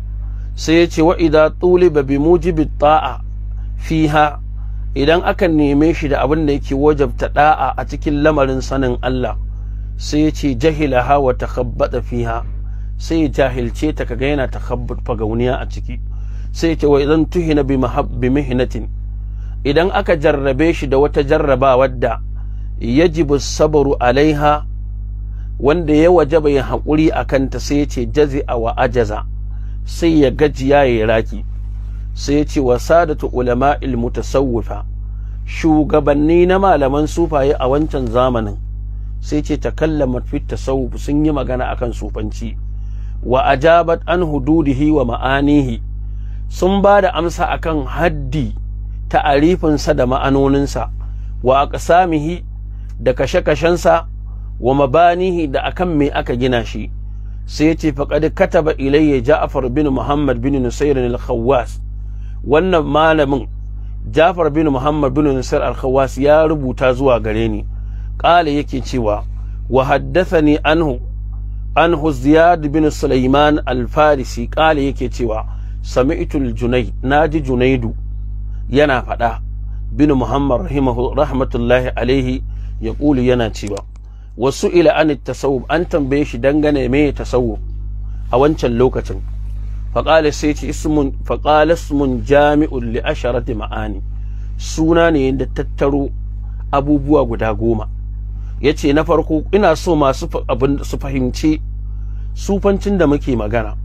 sai ya ce wa idza tuliba bi mujibi ta'a fiha idan aka neme shi da abin da yake wajabta da'a a cikin lamarin sanin Allah sai ya ce jahilaha wa takhabbata fiha sai ya jahilce ta kaga yana takhabbut fagauniya a ciki sai ya ce wa idan tuhina bi mahabbi mihnatin idan aka jarrabe shi da wata jarraba wadda yajibu sabru alaiha wanda ya wajaba ya haƙuri akan ta sai ya ce jazi'a wa ajaza sai ya gajiya ya raki sai ya ce wa sadatu ulama'il mutasawwifa shugabanni na malaman sufaye a wancan zamanin sai ce takallamat fi tasawuf sun yi magana akan sufanci wa ajabat an hududihi wa ma'anihi sun ba da amsa akan haddi ta'arifinsa da ma'anoninsa wa aqsamihi da kashe-kashensa wa mabanihi da akan me aka gina shi sai ya ce faqad kataba ilayya Ja'far bin Muhammad bin Nusayr al-Khawwas wannan malamin Jafar bin Muhammad bin Nusar al-Khawas ya rubuta zuwa gare ni qala yake cewa wa haddathani anhu anhu Ziyad bin Sulaiman al-Farisi yake cewa sami'tu al-Junayd naji Junaidu yana fada bin Muhammad rahimahu rahmatullahi alaihi yaqulu yana cewa wasu ila an tasawuf an tambaye shi dangane me tasawuf a wancan lokacin faƙala sai ce ismun faƙala jami'un li asharati ma'ani suna ne da tattaro abubuwa guda goma yace na farko ina so masu abin su fahimci sufancin da muke magana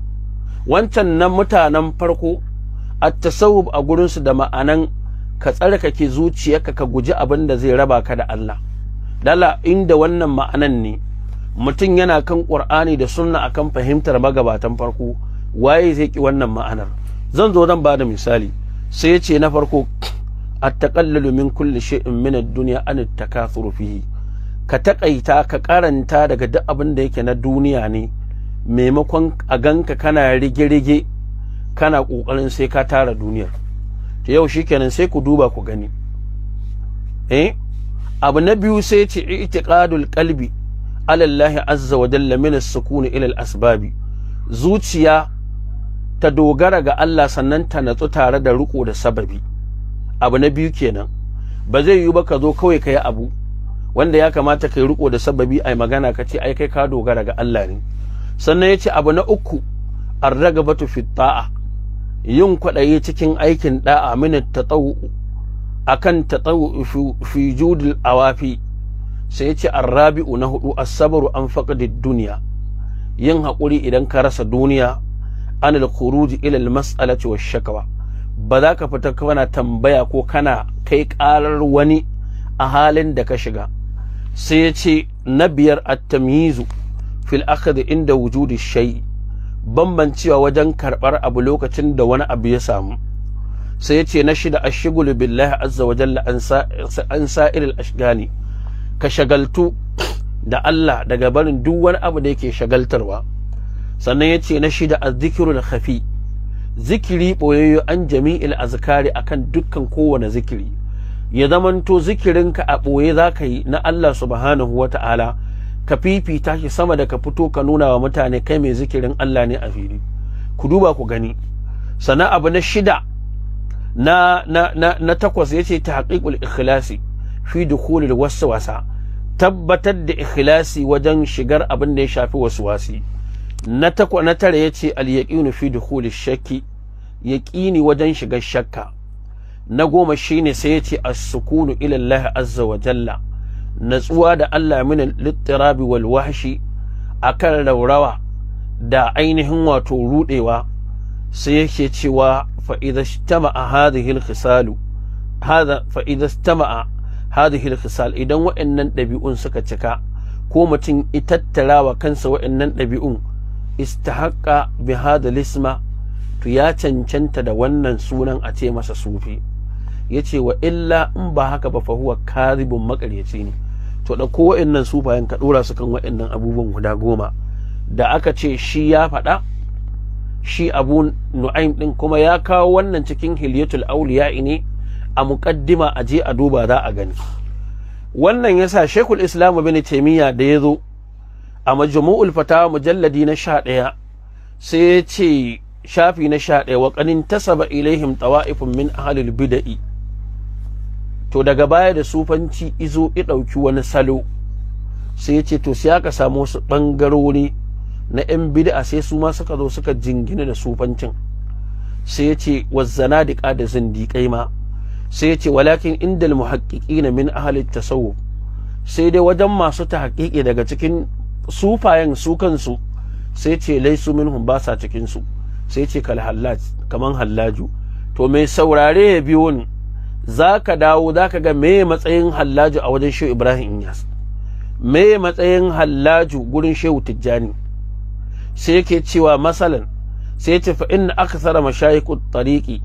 wancan na mutanen farko at-tasawuf a gurinsu da ma'anan ka tsarkake zuciyarka ka guji abin da zai raba ka da Allah dala inda wannan ma'anan ne mutum yana kan Qur'ani da sunna akan fahimtar magabatan farko waye zai ki wannan ma'anar zan zo zan bada misali sai ya na farko at-taqallalu min kulli shay'in min ad-dunya an takathuru fihi ka takaita ka karanta daga duk abin da yake na duniya ne maimakon a ganka kana rige-rige kana kokarin sai ka tara duniyar to yau shikenan sai ku duba ku gani eh abu na biyu sai ce itiqadul qalbi ala Allah azza wa jalla min as-sukun ila al-asbab zuciya ta dogara ga Allah sannan ta natsu tare da riko da sababi abu na biyu kenan ba zai yiwu ba ka zo kawai ka abu wanda ya kamata ka yi riko da sababi ai magana ka ce ai kai ka dogara ga Allah ne sannan yace abu na uku arragabatu fi ta'a yin kwaɗayi cikin aikin da'a min tatawu akan tatawu fi judil awafi sai yace arrabi'u na hudu as-sabru an faqadid duniya yin haƙuri idan ka rasa duniya anil khuruj ila al mas'alati wash shakwa ba za ka fita kana tambaya ko kana kai karar wani a halin da ka shiga sai ya ce na biyar at-tamyizu fil akhd inda wujudi shay bambancewa wajen karbar abu lokacin da wani abu ya samu sai ya ce na shida ashghulu billahi azza wa jalla an sa'iril ka shagaltu da Allah daga barin duk wani abu da yake shagaltarwa sannan ya ce na shida azzikirul khafi zikiri ɓoyayyo an jami'il azkari akan dukkan kowane zikiri ya zamanto zikirinka a ɓoye za ka yi na Allah subhanahu wa ta'ala ka fifita shi sama da ka fito ka nuna wa mutane kai mai zikirin Allah ne a fili ku duba ku gani sannan abu na shida na na na, na takwas yace tahqiqul ikhlasi fi dukhulil waswasa tabbatar da ikhlasi wajen shigar abin da ya shafi waswasi na takwa na tara yace al yaqinu fi dukhul shakki yaqini wajen shigar shakka na goma shine sai yace as-sukunu ila Allah azza wa jalla natsuwa da Allah min al-ittirabi wal wahshi akan da ainihin wato rudewa sai yake cewa fa idza istama'a hadhihi al-khisalu hadha fa istama'a hadhihi al-khisal idan wa'annan dabi'un suka cika ko mutum itattarawa kansa wa'annan dabi'un istahaqqa bi hadha lisma to ya cancanta da wannan sunan a ce masa sufi yace wa illa in ba haka ba fa huwa kadhibun makaryaci ne to ɗauko wa'annan sufayen ka ɗora su kan wa'annan abubuwan guda goma da aka ce shi ya faɗa shi abu nu'aim ɗin kuma ya kawo wannan cikin hilyatul auliya ne a muƙaddima a je a duba za a gani wannan yasa sa shekul islam bin taimiyya da ya zo a majmu'ul fatawa mujalladi na 11 sai ya ce shafi na 11 wa qanin tasaba ilaihim tawa'ifun min ahlil bid'i to daga baya da sufanci izo i dauki wani salo sai ya ce to sai aka samu wasu ɓangarori na yan bid'a sai su ma suka zo suka jingina da sufancin sai ya ce wazzanadiqa da diƙai ma sai ya ce walakin indal muhaqqiqina min ahli tasawuf sai dai wajen masu tahqiqi daga cikin sufayen su kansu sai ce laisu minhum ba sa cikin su sai ce kal hallaj kaman hallaju to mai saurare ya biyo ni zaka dawo zaka ga me matsayin hallaju a wajen Shehu Ibrahim Inyas me matsayin hallaju gurin Shehu Tijjani sai yake cewa masalan sai ce fa inna akthara at tariqi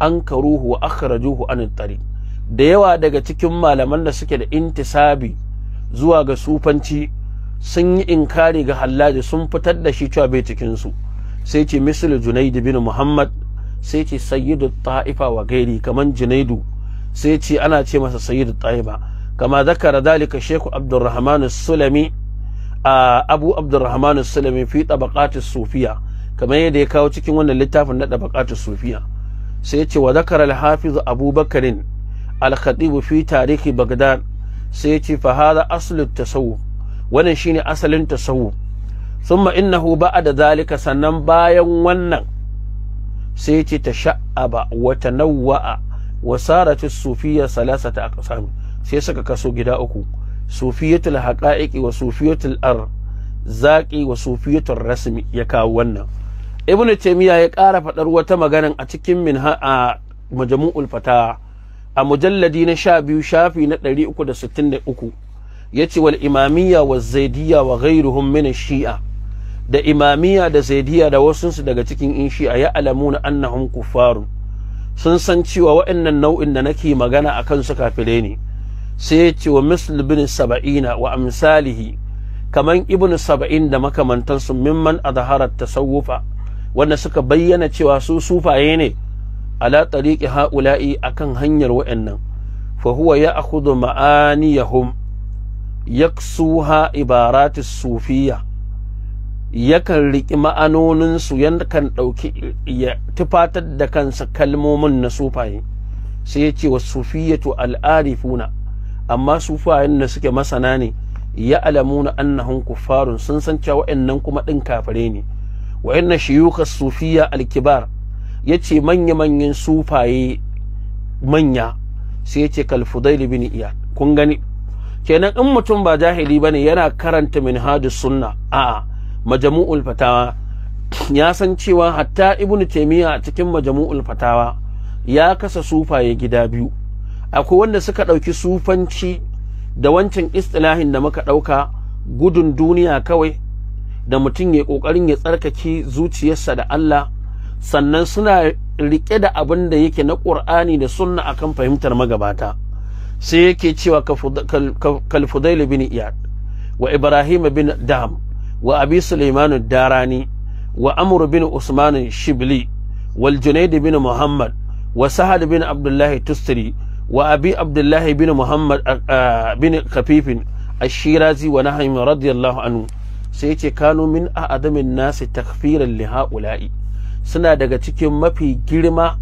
ankaruhu wa akhrajuhu an tariq da yawa daga cikin malaman da suke da intisabi zuwa ga sufanci sun yi inkari ga hallaji sun fitar da shi cewa bai cikin su sai ce misal junaidu bin muhammad sai ce sayyidu ta'ifa wa gairi kaman junaidu sai ce ana ce masa sayyidu ta'ifa kama zakara dalika sheku abdurrahman sulami a abu abdurrahman sulami fi tabaqat sufiya kamar yadda ya kawo cikin wannan littafin na tabaqat sufiya sai ce wa zakara al-hafiz abubakarin al-khatib fi tarihi bagdad sai ce fa hada aslu tasawuf wannan shine asalin tasawuf thumma innahu ba'da zalika sannan bayan wannan sai ce tasha'aba wa tanawwa'a wa sarat as-sufiyya salasata aqsam sai suka kaso gida uku sufiyatul haqa'iqi wa sufiyatul ar zaqi wa sufiyatul rasmi ya kawo wannan ibnu taymiya ya ƙara faɗar wata maganar a cikin minha a majmu'ul fataha a mujalladi na 12 shafi na 363 yace wal imamiyya wa zaidiyya wa ghairuhum min shia da imamiyya da zaidiyya da wasu su daga cikin in shi'a ya alamuna annahum kuffarun sun san cewa waɗannan nau'in da nake magana akan su kafire ne sai ya ce wa misl bin saba'ina wa amsalihi kaman ibn saba'in da makamantansu mimman azharat tasawufa wanda suka bayyana cewa su sufaye ne ala tariqi haula'i akan hanyar wa'annan fa huwa ya'khudhu ma'aniyahum yaksuha ibaratis sufiya yakan su ma'anoninsu kan ɗauki ya tufatar da kansa kalmomin na sufaye sai ya ce wa sufiyatu al'arifuna amma sufayen da suke masana ne ya alamuna annahun kuffarun sun san cewa wa'annan kuma ɗin kafare ne wa'annan shiyuka sufiya alkibar ya ce manya-manyan sufaye manya sai ya ce kalfudaili bin iya kun gani kenan in mutum ba jahili bane yana karanta minhajus sunna a majmu'ul fatawa ya san cewa hatta ibnu taymiya a cikin majmu'ul fatawa ya kasa sufaye gida biyu akwai wanda suka dauki sufanci da wancan istilahin da muka dauka gudun duniya kawai da mutum ya kokarin ya tsarkake zuciyarsa da Allah sannan suna rike da abin da yake na ƙur'ani da sunna akan fahimtar magabata sai yake cewa kalfudail bin iyad wa ibrahim bin dam wa abi suleiman darani wa amur bin usman shibli wal junaid bin muhammad wa sahad bin abdullahi tustri wa abi abdullahi bin muhammad bin khafifin ashirazi wa nahim radiyallahu anhu sai yace kanu min a'adamin nasi takfiran li haula'i suna daga cikin mafi girma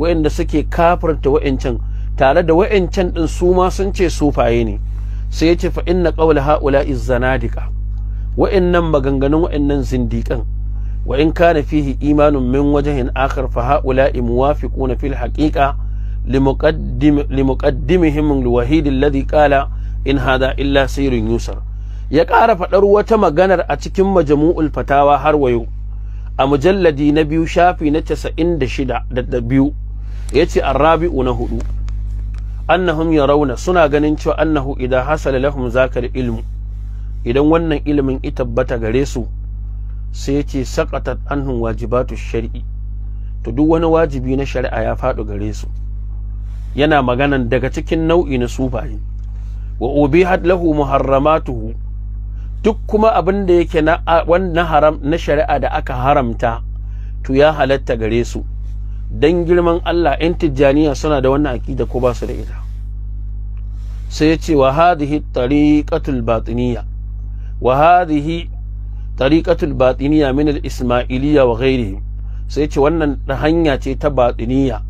wayanda suke kafirta wayancan tare da wa'ancan din su ma sun ce sufaye ne sai ya ce fa inna qawl haula izzanadika wa'annan maganganun wa'annan zindikan wa in kana fihi imanun min wajhin akhar fa haula muwafiquna fil haqiqa limuqaddim limuqaddimihim alwahid alladhi qala in hada illa sirrun yusar ya ƙara faɗar wata maganar a cikin majamu'ul fatawa har wayo a mujalladi na biyu shafi na casa'in da shida da biyu ya ce arrabi'u na hudu annahum rauna suna ganin cewa annahu idan hasala lahum zakar ilmu idan wannan ilimin ita tabbata gare su sai yace saqatat annahum wajibatu shari'i to duk wani wajibi na shari'a ya faɗo gare su yana maganan daga cikin nau'i na sufaye wa ubihat lahu muharramatuhu duk kuma abin da yake na haram na shari'a da aka haramta to ya halatta gare su dan girman Allah ‘yan tijjaniya suna da wannan aƙida ko ba su da ita sai ya ce wa hadhihi tariqatul batiniya wa hadhihi tariqatul batiniya min al wa sai ce wannan hanya ce ta batiniya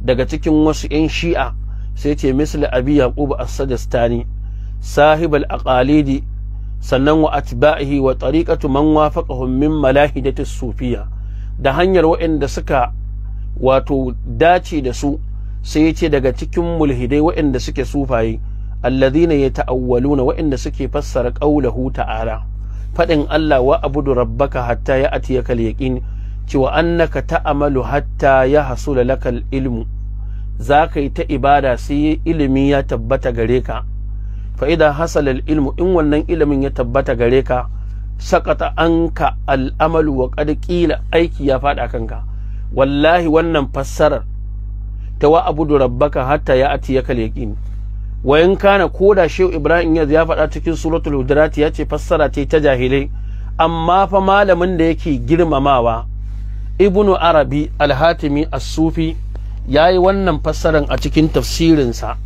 daga cikin wasu ‘yan shi'a sai ce misli abi yaqub as-sadistani sahibal aqalidi sannan wa atba'ihi wa tariqatu man wafaqahum min malahidatis sufiya da hanyar waɗanda suka wato dace da su sai ya ce daga cikin mulhidai waɗanda suke sufaye alladhina na waɗanda suke fassara qaulahu ta'ala fadin Allah wa abudu rabbaka hatta ya atiyaka al-yaqin cewa annaka ta'amalu hatta ya hasula lakal ilmu zaka yi ta ibada sai ilimi ya tabbata gare ka fa idan hasala ilmu in wannan ilimin ya tabbata gare ka sakata anka al'amalu wa qad qila aiki ya fada kanka wallahi wannan fassarar ta wa abudu rabbaka hatta ya ati ya kal yaqin wa in kana koda shehu ibrahim yaz ya faɗa cikin suratul hudurat ya ce fassara ce ta jahilai amma fa malamin da yake girmamawa ibnu arabi al-hatimi as-sufi yayi wannan fassarar a cikin tafsirin sa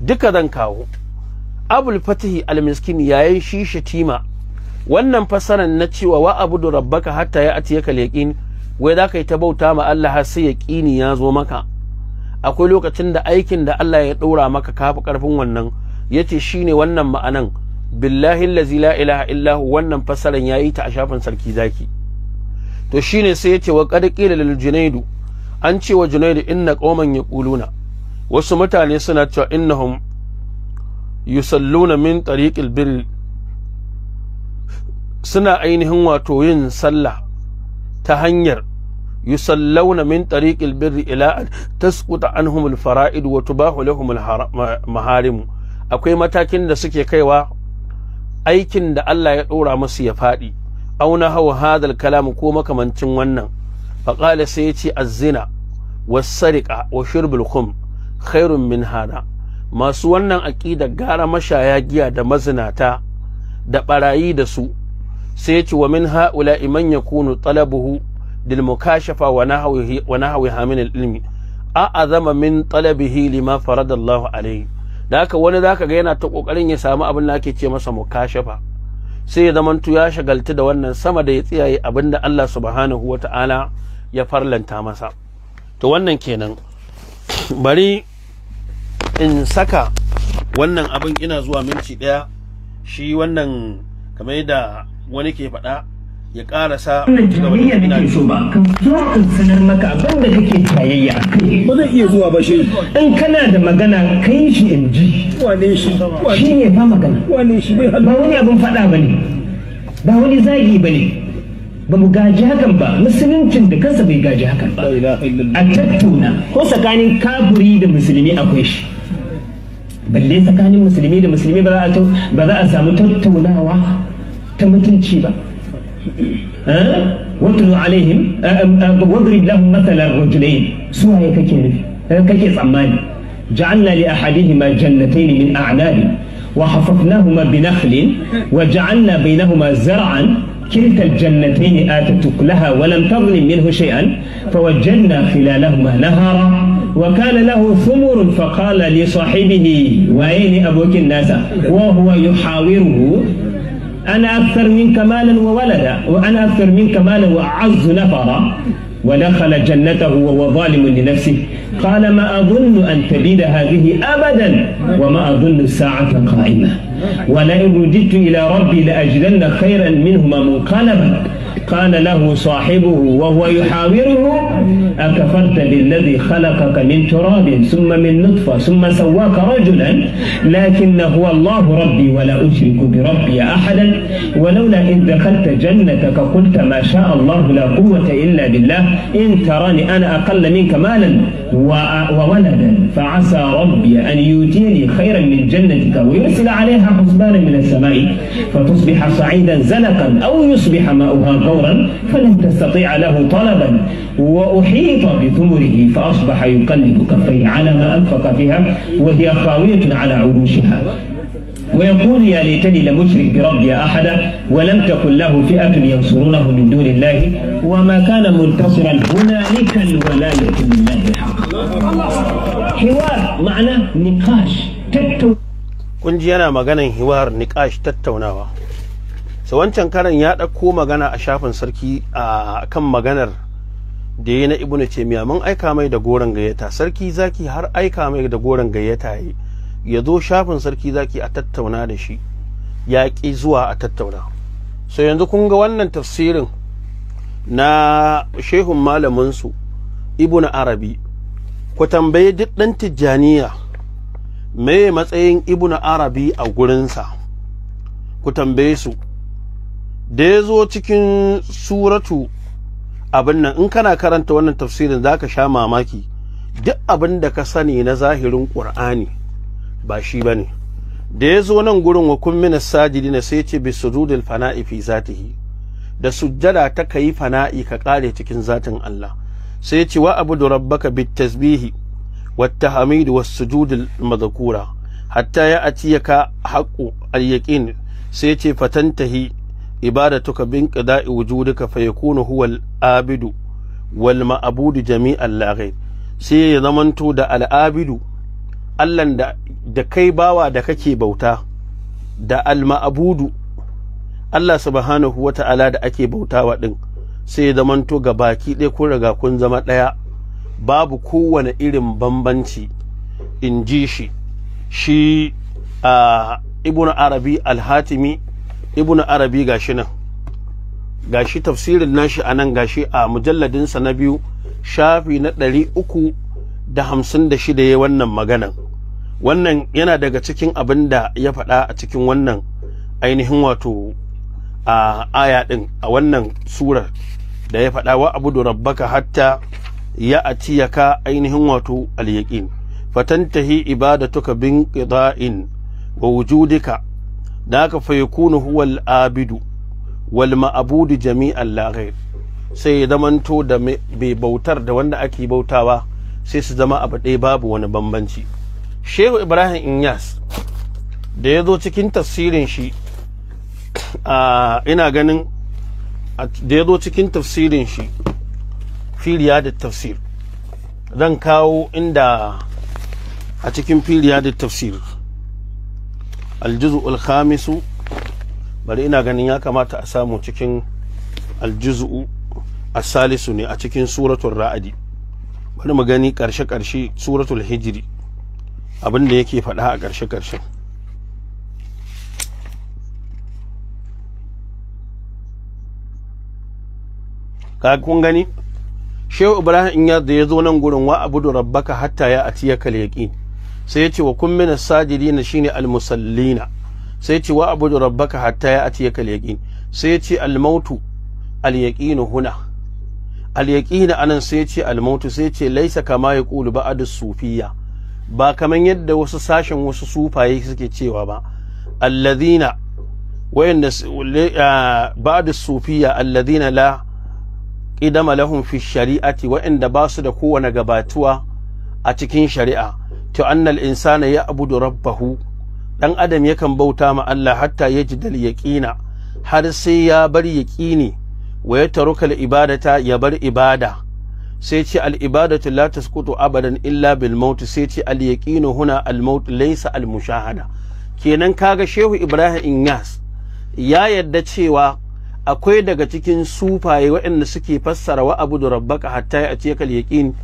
duka zan kawo abul fatih al-miskin yayin shi shatima wannan fassarar na cewa wa abudu rabbaka hatta ya ati ya kal yaqin wai za ka yi ta bauta ma Allah har sai yaƙini ya zo maka akwai lokacin da aikin da Allah ya ɗora maka kafi ƙarfin wannan ya ce shi ne wannan ma'anan billahi lazi la ilaha illahu wannan fassaran ya yi ta a shafin sarki zaki to shi ne sai ya ce wa ƙarƙi da junaidu an ce wa junaidu inna ƙoman ya ƙuluna wasu mutane suna cewa innahum yusalluna min tariqil bir suna ainihin wato yin sallah ta hanyar yusallawna min tariqil birri ila tasquta anhum al-fara'id wa tubahu lahum al-maharim akwai matakin da suke kaiwa aikin da Allah ya dora musu ya fadi aw na hawa hadal kalam ko makamancin wannan fa qala sai yace az-zina was-sariqa wa shurbul khum khairun min hada masu wannan aqida gara mashaya giya da mazinata da barayi da su sai ya ce wa min ha'ula iman kunu talabuhu lil mukashafa wa wa na ilmi a azama min talabihi lima farada Allah alaihi da haka wani zaka ga yana ta kokarin ya samu abin da ake ce masa mukashafa sai ya tu ya shagalti da wannan sama da ya tsiyaye abin da Allah subhanahu ta'ala ya farlanta masa to wannan kenan bari in saka wannan abin ina zuwa minti ɗaya shi wannan kamar yadda wani ke faɗa ya ƙarasa karasa jami'a ke so ba zo in sanar maka abin da kake tayayya ba zai iya zuwa ba shi in kana da magana kai shi in ji wane shi shi ne ba magana wane shi ba wani abin faɗa ba ne ba wani zagi ba ne ba mu gaji hakan ba musuluncin da kansa bai gaji hakan ba a tattuna ko tsakanin kaburi da musulmi akwai shi balle tsakanin musulmi da musulmi ba za a samu tattaunawa تمتنشي با واتلو عليهم واضرب لهم مثلا الرجلين سوره كيف كيف عمان جعلنا لاحدهما جنتين من اعناب وحففناهما بنخل وجعلنا بينهما زرعا كلتا الجنتين اتت لها ولم تظلم منه شيئا فوجدنا خلالهما نهارا وكان له ثمر فقال لصاحبه وين ابوك الناس وهو يحاوره أنا أكثر منك مالا وولدا وأنا أكثر منك مالا وأعز نفرا ودخل جنته وهو ظالم لنفسه قال ما أظن أن تبيد هذه أبدا وما أظن الساعة قائمة ولئن رددت إلى ربي لأجدن خيرا منهما منقلبا قال له صاحبه وهو يحاوره أكفرت بالذي خلقك من تراب ثم من نطفة ثم سواك رجلا لكن هو الله ربي ولا أشرك بربي أحدا ولولا إن دخلت جنتك قلت ما شاء الله لا قوة إلا بالله إن تراني أنا أقل منك مالا وولدا فعسى ربي أن يؤتيني خيرا من جنتك ويرسل عليها حسبانا من السماء فتصبح صعيدا زلقا أو يصبح ماؤها غورا فلن تستطيع له طلبا وأحيط بثمره فأصبح يقلب كفيه على ما أنفق فيها وهي خاوية على عروشها ويقول يا ليتني لم اشرك بربي احدا ولم تكن له فئه ينصرونه من دون الله وما كان منتصرا هنالك الولايه لله الحق حوار معنى نقاش تتو kun yana maganan hiwar niƙash tattaunawa sa wancan karan ya ɗauko magana a shafin sarki a kan maganar da ya na ibnu taymiya mun aika mai da goran gayyata sarki zaki har aika mai da goran gayyata yi ya zo shafin sarki zaki a tattauna da shi ya ƙi zuwa a tattauna so yanzu kun ga wannan tafsirin na shehun malaminsu ibn arabi ku tambayi duk ɗan tijjaniya me matsayin ibn arabi a gurinsa ku tambaye su da ya zo cikin suratu abin nan in kana karanta wannan tafsirin za ka sha mamaki duk abin da ka sani na zahirin ƙur'ani ba shi bane da ya zo nan gurin wa kun min sajidin sai ce bi sujudil fana'i fi zatihi da sujjada ta yi fana'i ka kare cikin zatin Allah sai ce wa abudu rabbaka bit tasbihi wat hamidu was sujudil madhkura hatta ya atiyaka haqqu al yaqin sai ce fatantahi ibadatuka bin qada'i wujudika fayakunu huwal abidu wal ma'budu jami'an la sai ya zamanto da al'abidu Allahn da kai bawa da kake bauta da alma'abudu Allah subhanahu wa ta'ala da ake bautawa ɗin sai ya zamanto ga baki ɗaya ko riga kun zama ɗaya babu kowane irin bambanci in ji shi shi a ibn arabi alhatimi ibn arabi gashi nan gashi tafsirin nashi a nan gashi a mujalladinsa na biyu shafi na ɗari uku da hamsin da shida ya wannan maganan wannan yana daga cikin abin da ya faɗa a cikin wannan ainihin wato a aya ɗin a wannan surar da ya faɗa wa abu da rabbaka hatta ya atiyaka ainihin wato alyaƙin fatantahi ibadatuka bin qida'in wa wujudika da haka fa huwa abidu wal ma'budu jami'an la sai ya zamanto da bai bautar da wanda ake bautawa sai su zama abu ɗaya babu wani bambanci shehu ibrahim inyas da ya zo cikin tafsirin shi ina ganin da ya zo cikin tafsirin shi filiya da tafsir zan kawo inda a cikin filiya da tafsir aljuzu ulkhamisu bari ina ganin ya kamata a samu cikin aljuzu salisu ne a cikin suratun ra'adi bari mu gani ƙarshe-ƙarshe suratul hijiri da yake faɗa a ƙarshe ka kun gani shehu ibrahim ya da ya zo nan gurin wa abudu rabbaka hatta ya atiya kal yaqin sai ya ce wa kun mina sajidina shine al musallina sai ya ce wa abudu rabbaka hatta ya atiya kal yaqin sai ya ce al mautu al huna al yaƙina anan sai ce al-mautu sai ce laisa kama yaqulu ba'd sufiyya ba kaman yadda wasu sashen wasu sufaye suke cewa ba alladhina wayanda ba'd sufiyya alladhina la qidama lahum fi shari'ati wayanda ba su da kowane gabatuwa a cikin shari'a to annal insana ya'budu rabbahu dan adam yakan bauta ma Allah hatta yajidal yaqina har sai ya bar yaqini wa yatarukal ibadata ya bar ibada sai ce al ibadatu la tasqutu abadan illa bil sai ce al yaqinu huna al maut laysa al mushahada kenan kaga shehu ibrahim inyas ya yadda cewa akwai daga cikin sufaye waɗanda suke fassara wa abu da rabbaka hatta ya ce kal yaqin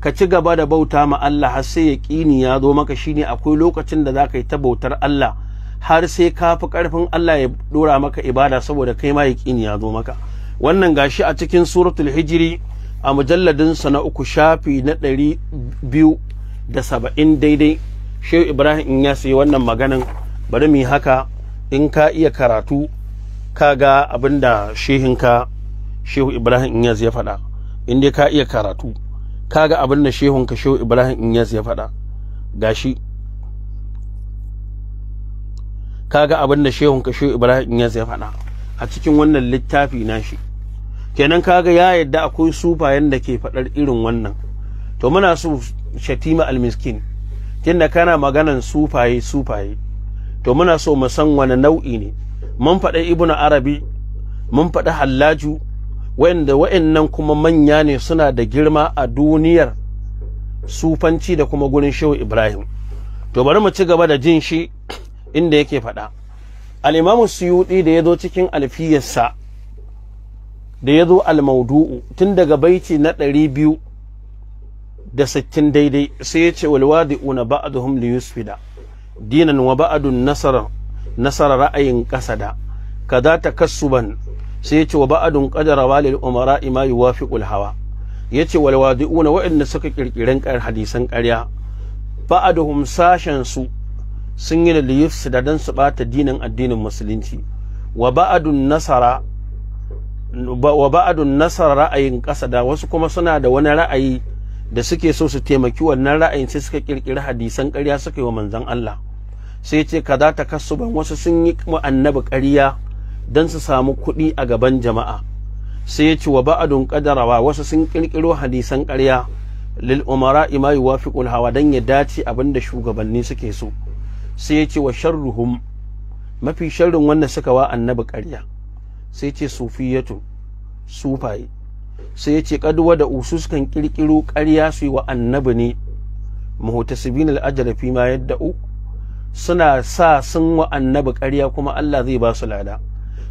ka ci gaba da bauta ma Allah har sai yaqini ya zo maka shine akwai lokacin da zaka yi ta bautar Allah har sai ka fi ƙarfin Allah ya dora maka ibada saboda kai ma yaqini ya zo maka wannan gashi a cikin suratul hijiri a mujalladin na uku shafi na ɗari biyu da saba'in daidai shehu ibrahim in ya sayi wannan maganin bari mu yi haka in ka iya karatu ka ga abin da shehinka shehu ibrahim in ya faɗa in dai ka iya karatu ka ga abin da shehunka shehu ibrahim in ya faɗa gashi ka ga abin da shehunka shehu ibrahim in ya faɗa a cikin wannan littafi nashi shi kenan kaga ya yadda akwai sufayen da ke faɗar irin wannan to muna so shatima almiskin tunda kana maganan sufaye sufaye to muna so mu san wani nau'i ne mun faɗa ibnu arabi mun faɗa hallaju wa'anda wa'annan kuma manya ne suna da girma a duniyar sufanci da kuma gurin shehu ibrahim to bari mu ci gaba da jin shi inda yake faɗa al-imamu da ya zo cikin alfiyarsa da ya zo almaudu'u tun daga baici na ɗari biyu da sittin daidai sai ya ce walwadi'una ba'aduhum li yusfida dinan wa ba'adun nasara nasara ra'ayin kasada kaza takassuban sai ya ce wa ba'adun qadara walil umara ima yuwafiqul hawa yace walwadi'una wa'inda suka kirkiran kar hadisan ƙarya ba'aduhum sashen su sun yi da li yufsida dan su bata dinin addinin musulunci wa ba'adun nasara wa ba'adun nasara ra'ayin ƙasa da wasu kuma suna da wani ra'ayi da suke so su taimaki wannan ra'ayin sai suka kirkiri hadisan ƙarya suka yi wa manzon Allah sai ce kaza ta kasuban wasu sun yi annabi ƙarya don su samu kuɗi a gaban jama'a sai ya ce wa ba'adun qadarawa wasu sun kirkiro hadisan ƙarya lil umara ima yuwafiqul hawa dan ya dace abin da shugabanni suke so sai ya ce wa sharruhum mafi sharrin wanda suka wa annabi ƙarya sai ce sufiyatu sufaye sai ya ce kaduwa da usu sukan kirkiro ƙarya su wa annabi ne muhtasibin al fi ma yadda'u suna sa sun wa annabi ƙarya kuma Allah zai ba su lada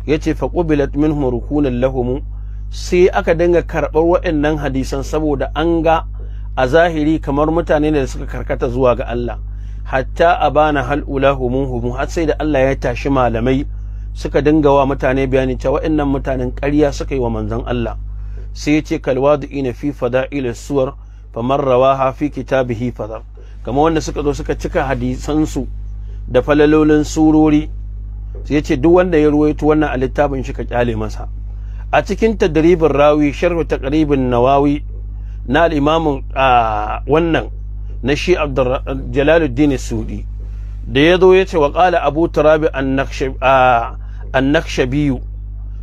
yace fa qubilat minhum rukunan lahum sai aka dinga karɓar waɗannan hadisan saboda an ga a zahiri kamar mutane ne da suka karkata zuwa ga Allah hatta abana hal ulahum hum har sai da Allah ya tashi malamai suka dinga wa mutane bayani cewa waɗannan mutanen ƙarya suka yi wa manzon Allah sai ya ce kalwadu ina fi fada'il suwar famar rawaha fi kitabihi fadar kamar wanda suka zo suka cika hadisansu da falalolin surori sai ya ce duk wanda ya ruwaito wannan a littafin shi ka kyale masa a cikin tadribin rawi sharhu taqribin nawawi na al-imam wannan na shi Abdul jalaluddin sudi da ya zo ya ce wa ƙala abu turabi annakshabiyu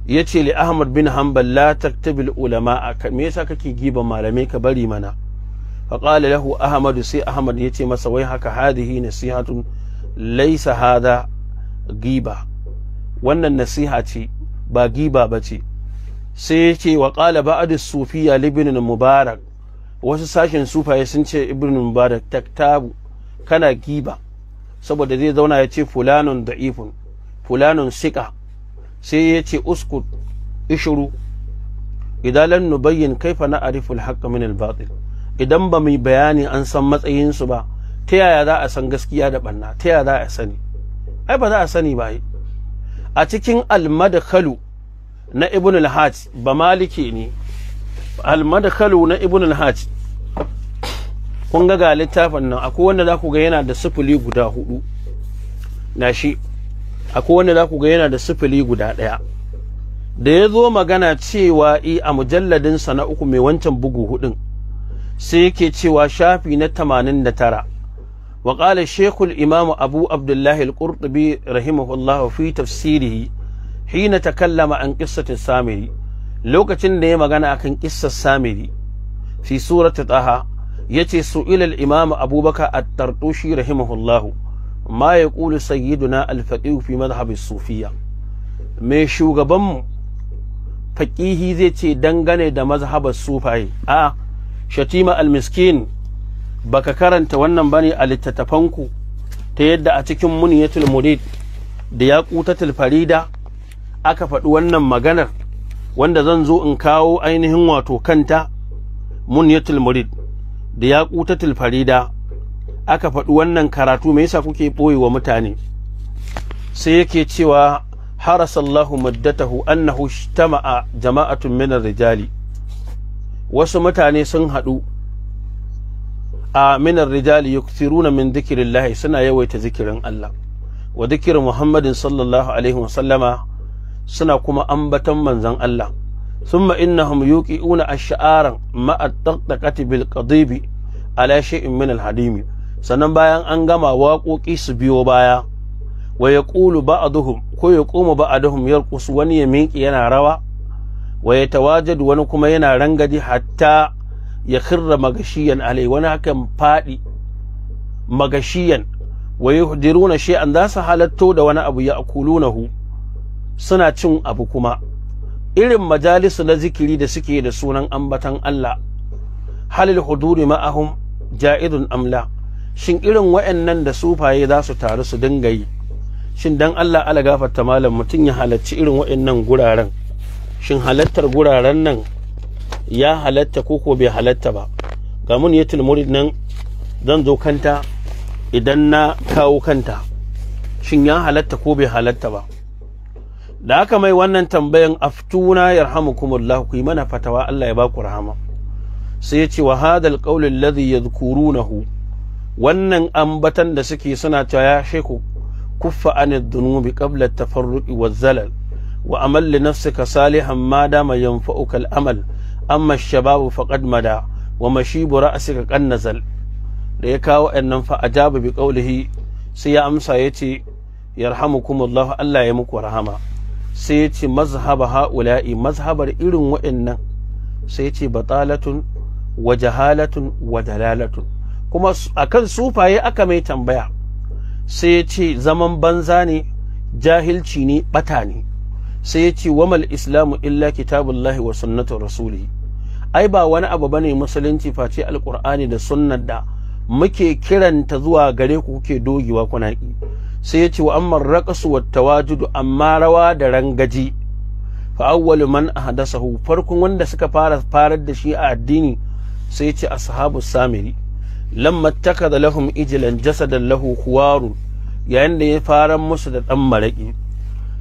ya ce li ahmad bin hanbal la taktabil ulama a kan me yasa kake giba malamai ka bari mana fa ƙala lahu ahmadu sai ahmad ya ce masa wai haka hadihi nasihatun laisa hada giba wannan nasiha ce ba giba ba ce sai ya ce wa ƙala ba'adis sufiya libin mubarak wasu sashen sufaye sun ce ibn mubarak taktabu kana giba saboda zai zauna ya ce fulanun da'ifun fulanun siƙa sai ya ce uskut ishuru idan lan nubayyin kaifa na ariful haqqa min al-batil idan ba mai bayani an san matsayin su ba ta yaya za a san gaskiya da banna ta yaya za a sani ai ba za a sani ba a cikin al na ibn al ba maliki ne almadakalu na ibn al kun ga ga littafin nan akwai wanda za ku ga yana da sifili guda hudu na shi akwai wanda ga yana da guda ɗaya da ya zo magana cewa i a mujalladinsa na uku mai wancan bugu hudun sai yake cewa shafi na tamanin da tara wa ƙala shekul imamu abu abdullahi al-ƙurɗubi rahimahullah fi tafsirihi hina ta kallama an ƙissata samiri lokacin da ya magana akan ƙisar samiri fi surata tsaha. yace ilal imamu abubakar a tartushi rahimahullahu ma ƙuli sayyiduna na faqih fi madhhab sufiya mai shugabanmu faƙihi zai ce dangane da mazhabar sufaye a shatima al-miskin baka karanta wannan ba ne a littattafanku ta yadda a cikin muniyatul murid da ya yaqutatul farida aka faɗi wannan maganar wanda zan zo in kawo ainihin wato kanta muniyatul murid da ya ƙutatul farida aka faɗi wannan karatu me yasa kuke ɓoye wa mutane sai yake cewa harasallahu muddatahu annahu ijtama'a jama'atun min rijali wasu mutane sun haɗu a min rijali yukthiruna min dhikrillah suna yawaita zikirin Allah wa dhikru Muhammadin sallallahu alaihi wa sallama suna kuma ambatan manzon Allah ثم إنهم يوقعون الشعار مع الطقطقة بالقضيب على شيء من الحديم sannan bayan an gama waƙoƙi su biyo baya wa ya ƙulu ba'aduhum ko ya ƙoma ba'aduhum yarqusu wani ya minki yana rawa wa ya tawajadu wani kuma yana rangaji hatta ya khirra magashiyan alai wani hakan faɗi magashiyan wa na shay'an za su halatto da wani abu ya akulunahu suna cin abu kuma irin majalisu na zikiri da suke da sunan ambatan Allah halil huduri ma'ahum ja'idun amla shin irin wayannan da sufaye za su taru su dinga yi shin dan Allah ala gafarta malam mutum ya halarci irin wayannan guraren shin halattar guraren nan ya halatta ko ko bai halatta ba ga mun yatul murid nan zan zo kanta idan na kawo kanta shin ya halatta ko bai halatta ba da aka mai wannan tambayan aftuna yarhamukumullah ku yi mana fatawa Allah ya ba ku rahama sai ya ce wa hadal qawli alladhi yadhkurunahu wannan ambatan da suke suna cewa ya sheku kuffa anid dunubi qabla at-tafarruqi waz-zalal wa amal li nafsika salihan ma dama yanfa'uka al-amal amma ash-shababu faqad mada wa mashibu ra'sika qan nazal da ya kawo annan fa ajaba bi qawlihi sai ya amsa yace yarhamukumullah Allah ya muku rahama sai ya ce mazhaba ha'ula'i mazhabar irin waɗannan sai ya ce batalatun wa jahalatun wa dalalatun kuma akan sufaye aka mai tambaya sai ya ce zaman banza ne jahilci ne bata ne sai ya ce wamal islamu illa kitabullahi wa sunnatu rasuli ai ba wani abu bane musulunci face alqur'ani da sunnar da muke kiranta zuwa gare ku kuke dogewa kuna ki sai ya ce wa amma raƙasu wa tawajudu amma rawa da rangaji fa awwalu man ahdathahu farkon wanda suka fara farar da shi a addini sai ya ce ashabu samiri lamma takada lahum ijilan jasadan lahu khuwarun yayin da ya fara musu da dan maraki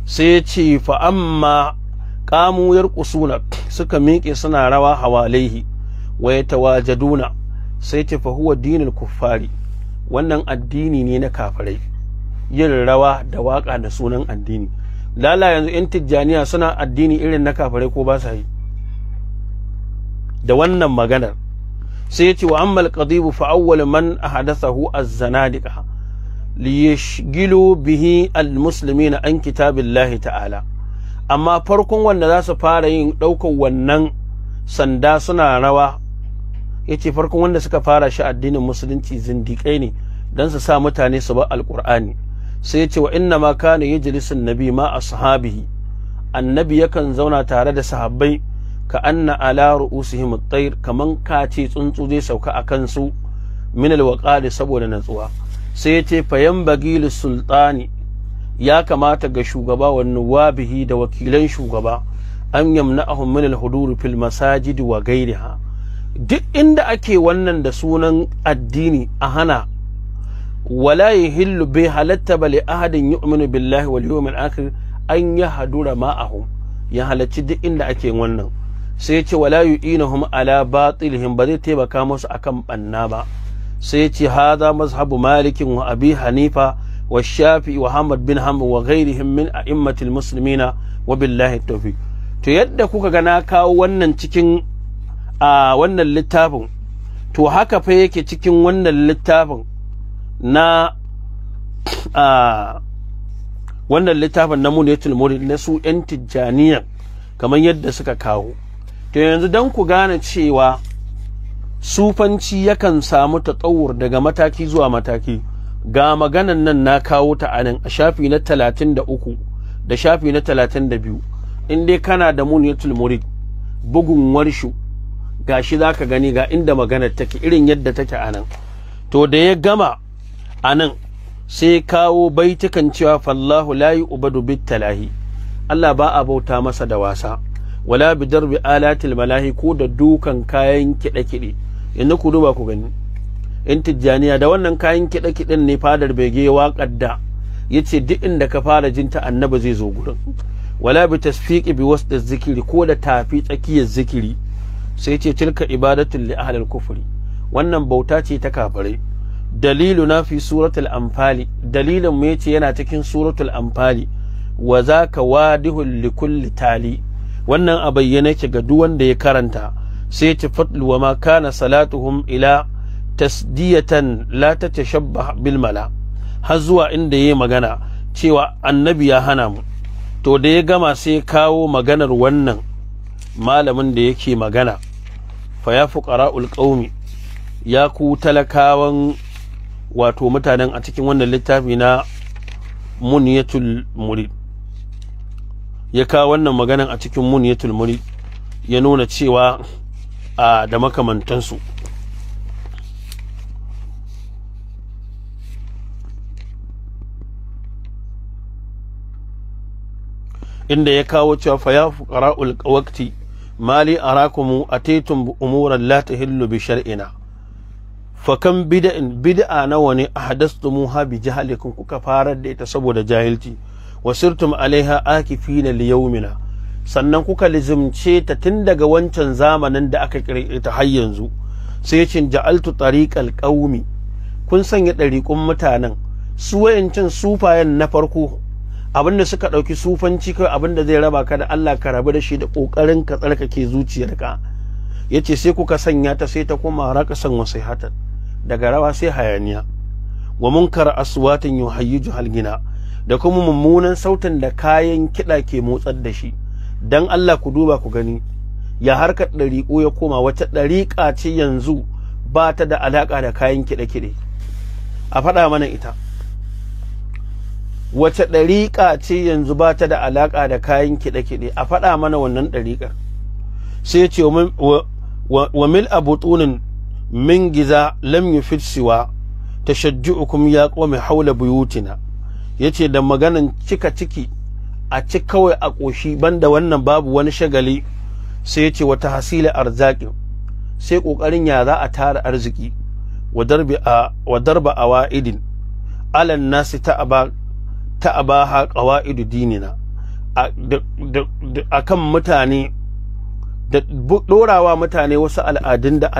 sai ya ce fa amma qamu yarqusuna suka miƙe suna rawa hawalaihi wa yatawajaduna sai ce fa huwa dinul kuffari wannan addini ne na kafirai yin rawa da waka da sunan addini lala yanzu yan tijjaniya suna addini irin na kafare ko ba sa yi da wannan maganar sai yace wa ammal qadibu fa awwal man ahdathahu az-zanadiqa li yashghilu bihi al-muslimina an kitabillahi ta'ala amma farkon wanda za su fara yin ɗaukar wannan sanda suna rawa yace farkon wanda suka fara shi addinin musulunci zindikai ne don su sa mutane su ba alƙur'ani sai ya ce wa inna ma kana yajlisun nabi ma ashabihi annabi yakan zauna tare da sahabbai ka anna ala ru'usihim at-tayr kaman kace tsuntsu zai sauka a kansu min al-waqali saboda natsuwa sai ya ce fayan bagil sultani ya kamata ga shugaba wa wabihi da wakilan shugaba an yamna'ahum min al-hudur fil masajid wa ghayriha duk inda ake wannan da sunan addini a hana wala yahillu bai halatta bali ahadin yu'minu billahi wal yawmil akhir an yahdura ma'ahum ya halacci duk inda ake wannan sai yace wala yu'inahum ala batilihim ba zai taimaka musu akan banna ba sai yace haza mazhabu malikin wa abi hanifa wa shafi'i wa bin hamad wa ghairihim min a'immatil muslimina wa billahi tawfiq to yadda kuka ga kawo wannan cikin a wannan littafin to haka fa yake cikin wannan littafin na a ah, wannan littafin na muniyatul murid na su yan tijjaniya kamar yadda suka kawo to yanzu dan ku gane cewa sufanci yakan samu tatsawur daga mataki zuwa mataki ga maganan nan na kawo ta anan a shafi na 33 da shafi na 32 in dai kana da muniyatul murid bugun warshu gashi zaka gani ga inda maganar take irin yadda take a nan to da ya gama anan sai kawo baitukan cewa fallahu la yu'badu talahi Allah ba a bauta masa da wasa wala bi darbi alatil malahi ko da dukan kayan kiɗe kide yanzu ku duba ku gani in tijjaniya da wannan kayan kiɗe kiden ne fadar bege waƙar da yace duk inda ka fara jinta annabi zai zo gurin wala bi tasfiqi bi da zikiri ko da tafi tsakiyar zikiri sai ce tilka ibadatul li ahlil kufri wannan bauta ce ta kafirai daliluna fi suratul amfali dalilin mu yace yana cikin suratul amfali wa zaka wadihul likulli litali wannan a bayyana ke ga duk wanda ya karanta sai ci fadlu wa ma kana salatuhum ila tasdiyatan la tatashabbah bil bilmala har zuwa inda ya magana cewa annabi ya hana mu to da ya gama sai kawo maganar wannan malamin da yake magana fa ya fuqara'ul qaumi ya ku talakawan wato mutanen a cikin wannan littafi na muniyatul murid ya kawo wannan maganan a cikin muniyatul murid ya nuna cewa a da makamantansu inda ya kawo cewa fa ya fuqara'ul waqti mali arakumu ataytum umuran la tahillu bi shar'ina fakan bida'in bid'a nawa ne ahdathumuha bi jahalikum kuka farar da ita saboda jahilci wasirtum alaiha akifina li yawmina sannan kuka lizimce ta tun daga wancan zamanin da aka kirkire ta har yanzu sai ya ce ja'altu tariqal qaumi kun sanya ɗariƙun mutanen su wayancin sufayen na farko abinda suka ɗauki sufanci kai abinda zai raba ka da Allah ka rabu da shi da ƙoƙarin ka tsarkake zuciyarka yace sai kuka sanya ta sai ta koma raka san wasaihatar daga rawa sai hayaniya wa munkar aswatin yuhayyiju halgina da kuma mummunan sautin da kayan kiɗa ke motsar da shi dan Allah ku duba ku gani ya harkar dariƙo ya koma wata dariƙa ce yanzu ba ta da alaƙa da kayan kiɗe-kiɗe a faɗa mana ita wace ɗariƙa ce yanzu ba ta da alaƙa da kayan kiɗe-kiɗe a faɗa mana wannan ɗariƙar sai ce wa mil abu tunin min giza lam yufid siwa tashajju'ukum ya qawmi haula buyutina yace da maganan cika ciki a ci kawai a koshi banda wannan babu wani shagali sai yace wata hasila arzaki sai kokarin ya za a tara arziki wa darbi a wa darba awaidin alan ta aba ta abaha qawaidu dinina a kan mutane da dorawa mutane wasu al'adun da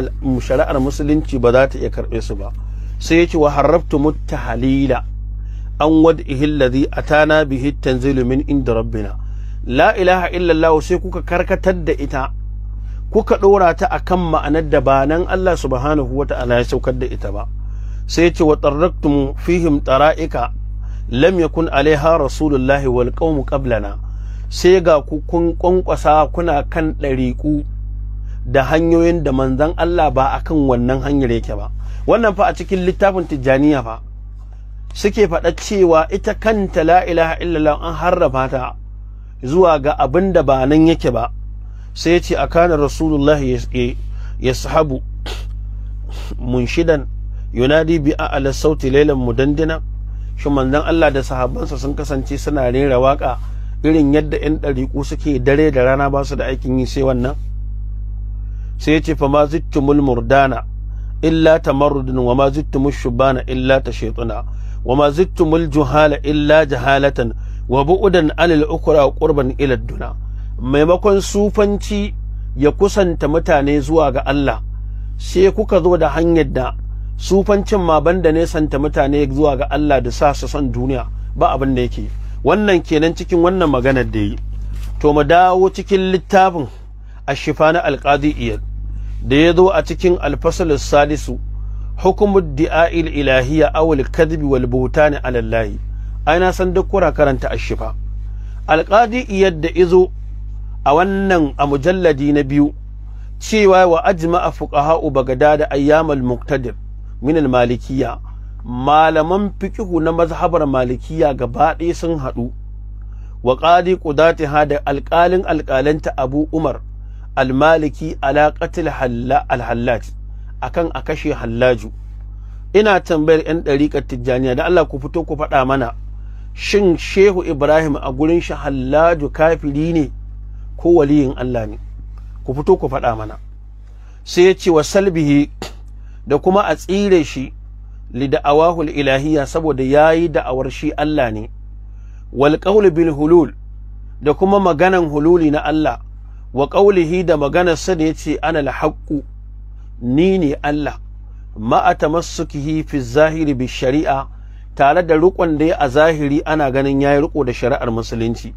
shari'ar musulunci ba za ta iya karɓe su ba sai yace wa harrabtu muttahalila an wad'ihi allazi atana bihi tanzilu min inda rabbina la ilaha illallah sai kuka karkatar da ita kuka dora ta akan ma'anar da ba nan Allah subhanahu wata'ala ya saukar da ita ba sai yace wa mu fihim tsara'ika lam yakun alaiha rasulullahi wal qawmu qablana sai ga ku kun kwankwasa kuna kan ɗariƙu da hanyoyin da manzan Allah ba a kan wannan hanyar yake ba wannan fa a cikin littafin tijjaniya fa suke faɗa cewa ita kanta la ilaha illallah an harrafa ta zuwa ga abin da ba nan yake ba sai ya ce a kanar rasulullah ya sahabu munshidan yunadi bi a ala sauti lailan mudandina shi manzan Allah da sahabbansa sun kasance suna rera waka irin yadda 'yan ɗariƙu suke dare da rana ba su da aikin yi sai wannan sai ya ce fa ma zittumul murdana illa tamarrudun wa ma zittumul shubana illa ta shaituna wa ma zittumul juhala illa jahalatan wa bu'udan alil ukura qurban ila duna maimakon sufanci ya kusanta mutane zuwa ga Allah sai kuka zo da hanyar da sufancin ma banda ne santa mutane zuwa ga Allah da sa su son duniya ba abin da yake wannan kenan cikin wannan maganar da yi to mu dawo cikin littafin ashifa na alqadi iyad da ya zo a cikin alfasalus salisu hukumar di'a'il ilahiyya awul kadhibi wal ne ala allahi ai san duk kura karanta ashifa alqadi iyad da izo a wannan a mujalladi na biyu cewa wa ajma'a fuqaha'u bagdad ayyamal muqtadir min al malikiyya malaman fiƙihu na mazhabar malikiya gaba ɗaya sun haɗu wa qadi ƙudatiha da alƙalin alƙalanta abu umar almaliki alaƙatil alhallaj akan a kashe hallaju ina tambayar 'yan ɗariƙar tijjaniya da Allah ku fito ku faɗa mana shin shehu ibrahim a gurin shi hallaju kafiri ne ko waliyin Allah ne ku fito ku faɗa mana sai ya ce wa salbihi da kuma a tsire shi li da'awahu ilahiyya saboda yayi da'awar shi Allah ne wal qawlu bil hulul da kuma maganan hululi na Allah wa qawlihi da maganar sa da yace ana al haqqu ni ne Allah ma atamassukihi fi zahiri bi shari'a tare da rukun da ya a zahiri ana ganin yayi riko da shari'ar musulunci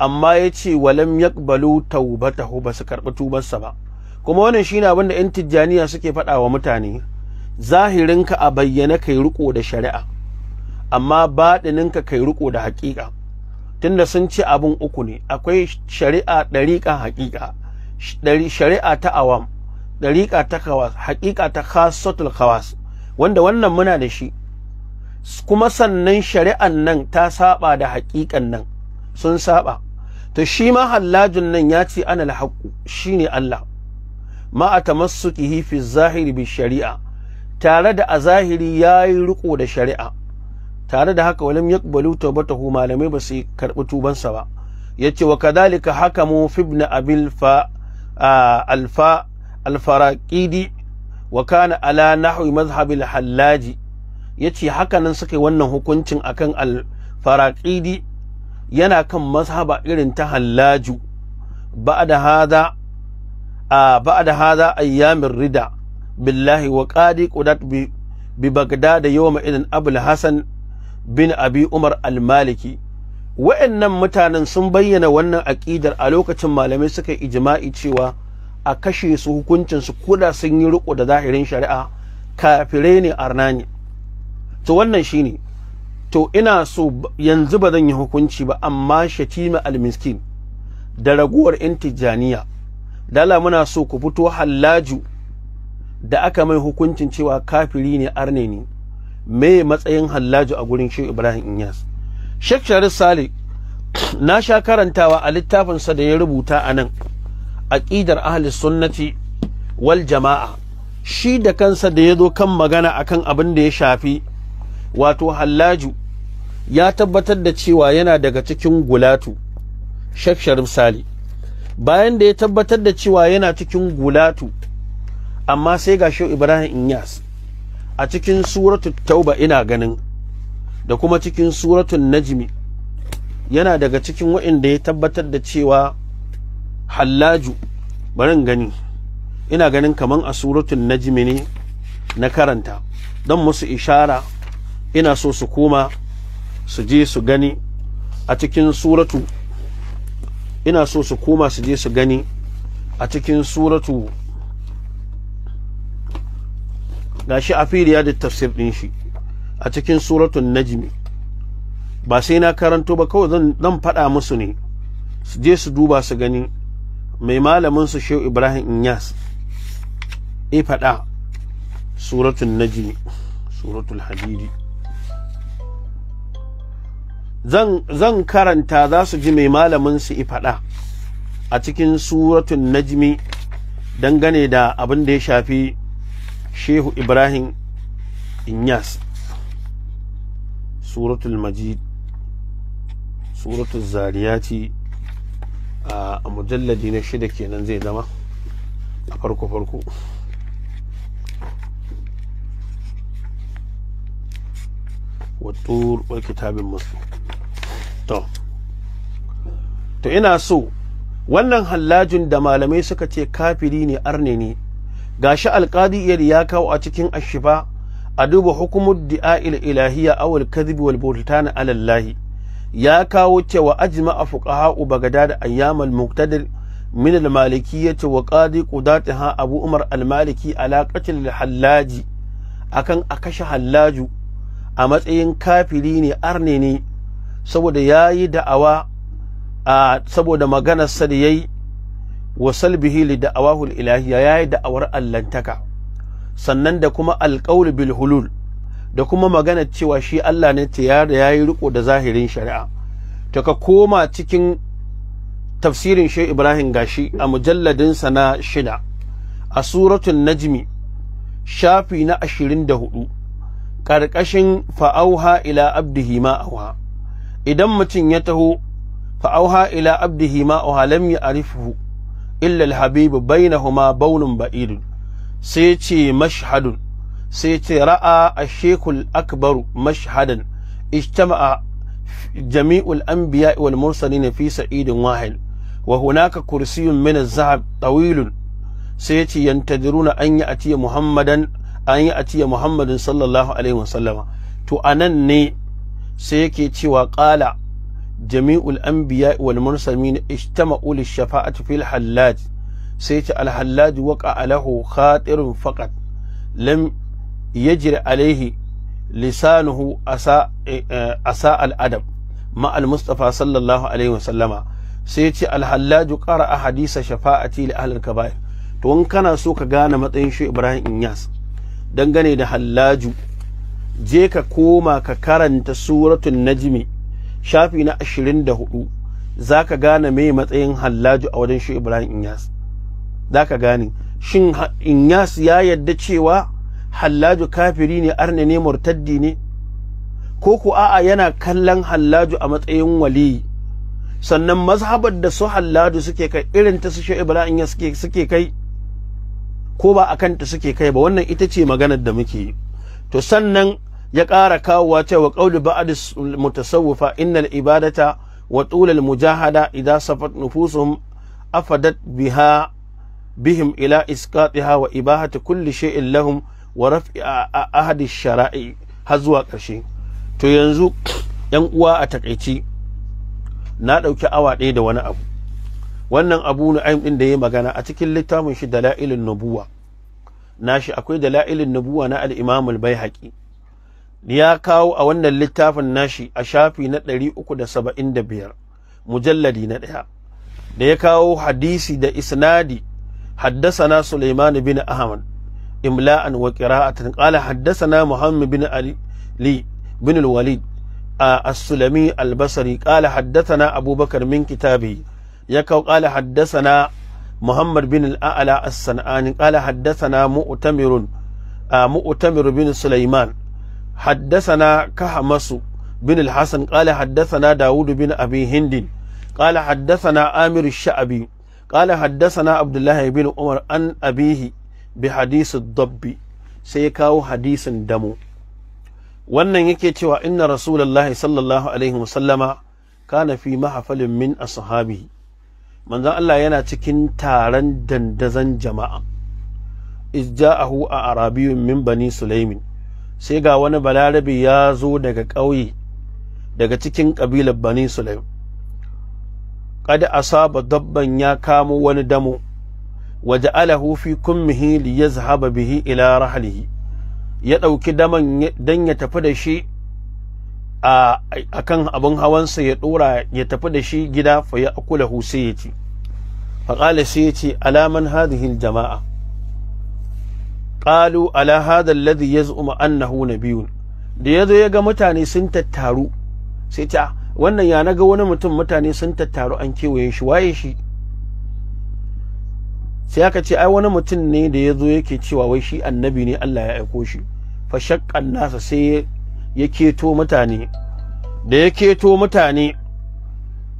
amma yace walam yaqbalu tawbatahu basu karbi tubarsa ba kuma wannan shine abin da yan tijjaniya suke faɗa wa mutane zahirinka a bayyana kai riko da shari'a amma baɗininka kai riko da haƙiƙa tunda sun ce abin uku ne akwai shari'a ɗariƙa haƙiƙa shari'a ta awam ɗariƙa ta kawas haƙiƙa ta khasatul kawas wanda wannan muna da shi kuma sannan shari'an nan ta saba da haƙiƙan nan sun saba to shi ma hallajin nan ya ce ana shi shine Allah ma atamassukihi fi zahiri bi shari'a tare da a zahiri ya yi riko da shari'a tare da haka walam yaqbalu tawbatahu malamai ba su karɓi tubansa ba yace wa kadhalika haka mu ibn abil fa alfa wa kana ala nahwi madhhab al-hallaji yace hakanan suka yi wannan hukuncin akan alfaraƙidi yana kan mazhaba irin ta hallaju da hada a ba'da hada ayyamin rida billahi wa qadi qudat bi bagdad yawma idin abul hasan bin abi umar al-maliki wa'annan mutanen sun bayyana wannan aƙidar a lokacin malamai suka yi ijma'i cewa a kashe su hukuncin su kula sun yi riko da zahirin shari'a kafire ne arna ne to wannan shine to ina so yanzu ba zan yi hukunci ba amma shatima al-miskin da raguwar intijaniya dala muna so ku fito hallaju da aka mai hukuncin cewa kafiri ne arne ne me matsayin hallaju a gurin shehu ibrahim inyas shek sharif sali na sha karantawa a littafinsa da ya rubuta a nan aƙidar ahli sunnati wal jama'a shi da kansa da ya zo kan magana akan abin da ya shafi wato hallaju ya tabbatar da cewa yana daga cikin gulatu shek sharif sali bayan da ya tabbatar da cewa yana cikin gulatu amma sai ga shi ibrahim inyas a cikin suratul tauba ina ganin da kuma cikin suratul najmi yana daga cikin waɗanda ya tabbatar da cewa hallaju barin gani ina ganin kaman a suratul najmi ne na karanta don musu ishara ina so su koma su je su gani a cikin suratu ina so su koma su je su gani a cikin suratu gashi a ya da tafsir din shi a cikin suratul najmi ba sai na karanto ba kawai zan dan faɗa musu ne su je su duba su gani mai malamin su Shehu Ibrahim Inyas e faɗa suratul najmi suratul hadidi zan zan karanta za su ji mai malamin su i fada a cikin suratul najmi dangane da abin da ya shafi shehu ibrahim inyas suratul majid suratul zariyati a mujalladi na shida kenan zai zama a farko-farko wattur wal kitabin musu to to ina so wannan hallajin da malamai suka ce kafiri ne arne ne gashi alkadi yadda ya kawo a cikin ashifa a duba hukumar di'a'il ilahiya awal kadhibi wal bultan alallahi ya kawo cewa ajma a fuqaha u bagada da ayyamal muqtadir min maliki yace wa qadi qudatiha abu umar al maliki alaqatil halaji akan kashe hallaju a matsayin kafiri ne arne ne saboda yayi da'awa saboda maganar sa da yayi wa salbihi da da'awahu al yayi da'awar allantaka sannan da kuma alqaul bil hulul da kuma magana cewa shi Allah ne ta yayi riko da zahirin shari'a to ka koma cikin tafsirin Sheikh Ibrahim Gashi a mujalladin sa na shida a suratun najmi shafi na hudu karkashin fa'auha ila abdihi ma idan mutum ya taho fa'auha ila abdihi ma auha lam ya'rifuhu illal habibu bainahuma baunun ba'idun sai ce mashhadun sai ce ra'a ashekul akbaru mashhadan ijtama'a jami'ul anbiya wal mursalin fi sa'idin wahid wa hunaka kursiyun min az-zahab tawilun sai ce yantaziruna an muhammadan an ya'tiya muhammadin sallallahu alaihi wasallama to anan ne sai yake cewa qala jami'ul anbiya wal mursalin ijtama'u lil fil hallaj sai ta al hallaj waqa alahu khatirun faqat lam yajri alaihi lisanuhu asa eh, eh, asa al adab ma al mustafa sallallahu alaihi sallama sai ce al hallaj qara hadisa shafa'ati li ahli al kaba'ir to in kana so ka gane matsayin shi Ibrahim Inyas dangane da hallaju je ka koma ka karanta suratul najmi shafi na 24 zaka gane me matsayin hallaju a wajen shi Ibrahim Inyas zaka gane shin Inyas ya yadda cewa hallaju kafiri ne arne ne murtaddi ne ko ku a'a yana kallon hallaju a matsayin wali sannan mazhabar da su hallaju suke kai irin ta su shi Ibrahim Inyas suke kai ko ba akan ta suke kai ba wannan ita ce maganar da muke to sannan ya ƙara kawowa cewa ƙauli ba'ad mutasawwifa innal ibadata wa al mujahada idza safat nufusuhum afadat biha bihim ila isqatiha wa ibahati kulli shay'in lahum wa raf'i ahadi shara'i har zuwa ƙarshe to yanzu yan uwa a takaici na ɗauki awa ɗaya da wani abu wannan abu ayin ɗin da ya magana a cikin littafin shi dala'ilin nubuwa nashi akwai dala'ilin nubuwa na al-imam al ya kawo a wannan littafin nashi a shafi na 375 mujalladi na ɗaya da ya kawo hadisi da isnadi haddasana Sulaiman bin Ahmad imla'an wa qira'atan qala haddasana Muhammad bin Ali li bin al-Walid as-Sulami al-Basri qala haddathana min kitabi ya kawo qala haddasana Muhammad bin al-A'la as-San'ani qala haddasana Mu'tamirun Mu'tamir bin Sulaiman حدثنا كهمس بن الحسن قال حدثنا داود بن أبي هند قال حدثنا آمر الشعبي قال حدثنا عبد الله بن عمر عن أبيه بحديث الضب سيكاو حديث دمو wannan yake cewa inna rasulullahi sallallahu alaihi wasallama kana fi mahafalin min ashabi manzon Allah yana cikin taron dandazan jama'a izja'ahu a arabiyun min bani sulaimin sai ga wani balarabe ya zo daga ƙauye daga cikin ƙabilar bani sulaim a saba dabban ya kamo wani damo waje alahu fi kummihi li zahaba bihi ila rahalihi ya ɗauki daman dan ya tafi da shi a kan abin hawansa ya ɗora ya tafi da shi gida fa ya akula sai ya ci faƙala sai ya ce alaman hadihin jama'a qalu ala hadha alladhi yaz'umu annahu nabiyyun da yazo ya ga mutane sun tattaru sai ta wannan ya naga wani mutum mutane sun tattaru an kewaye shi waye shi sai aka ce ai wani mutum ne da yazo yake cewa wai shi annabi ne Allah ya aiko shi fa shaqqan nasa sai ya keto mutane da ya keto mutane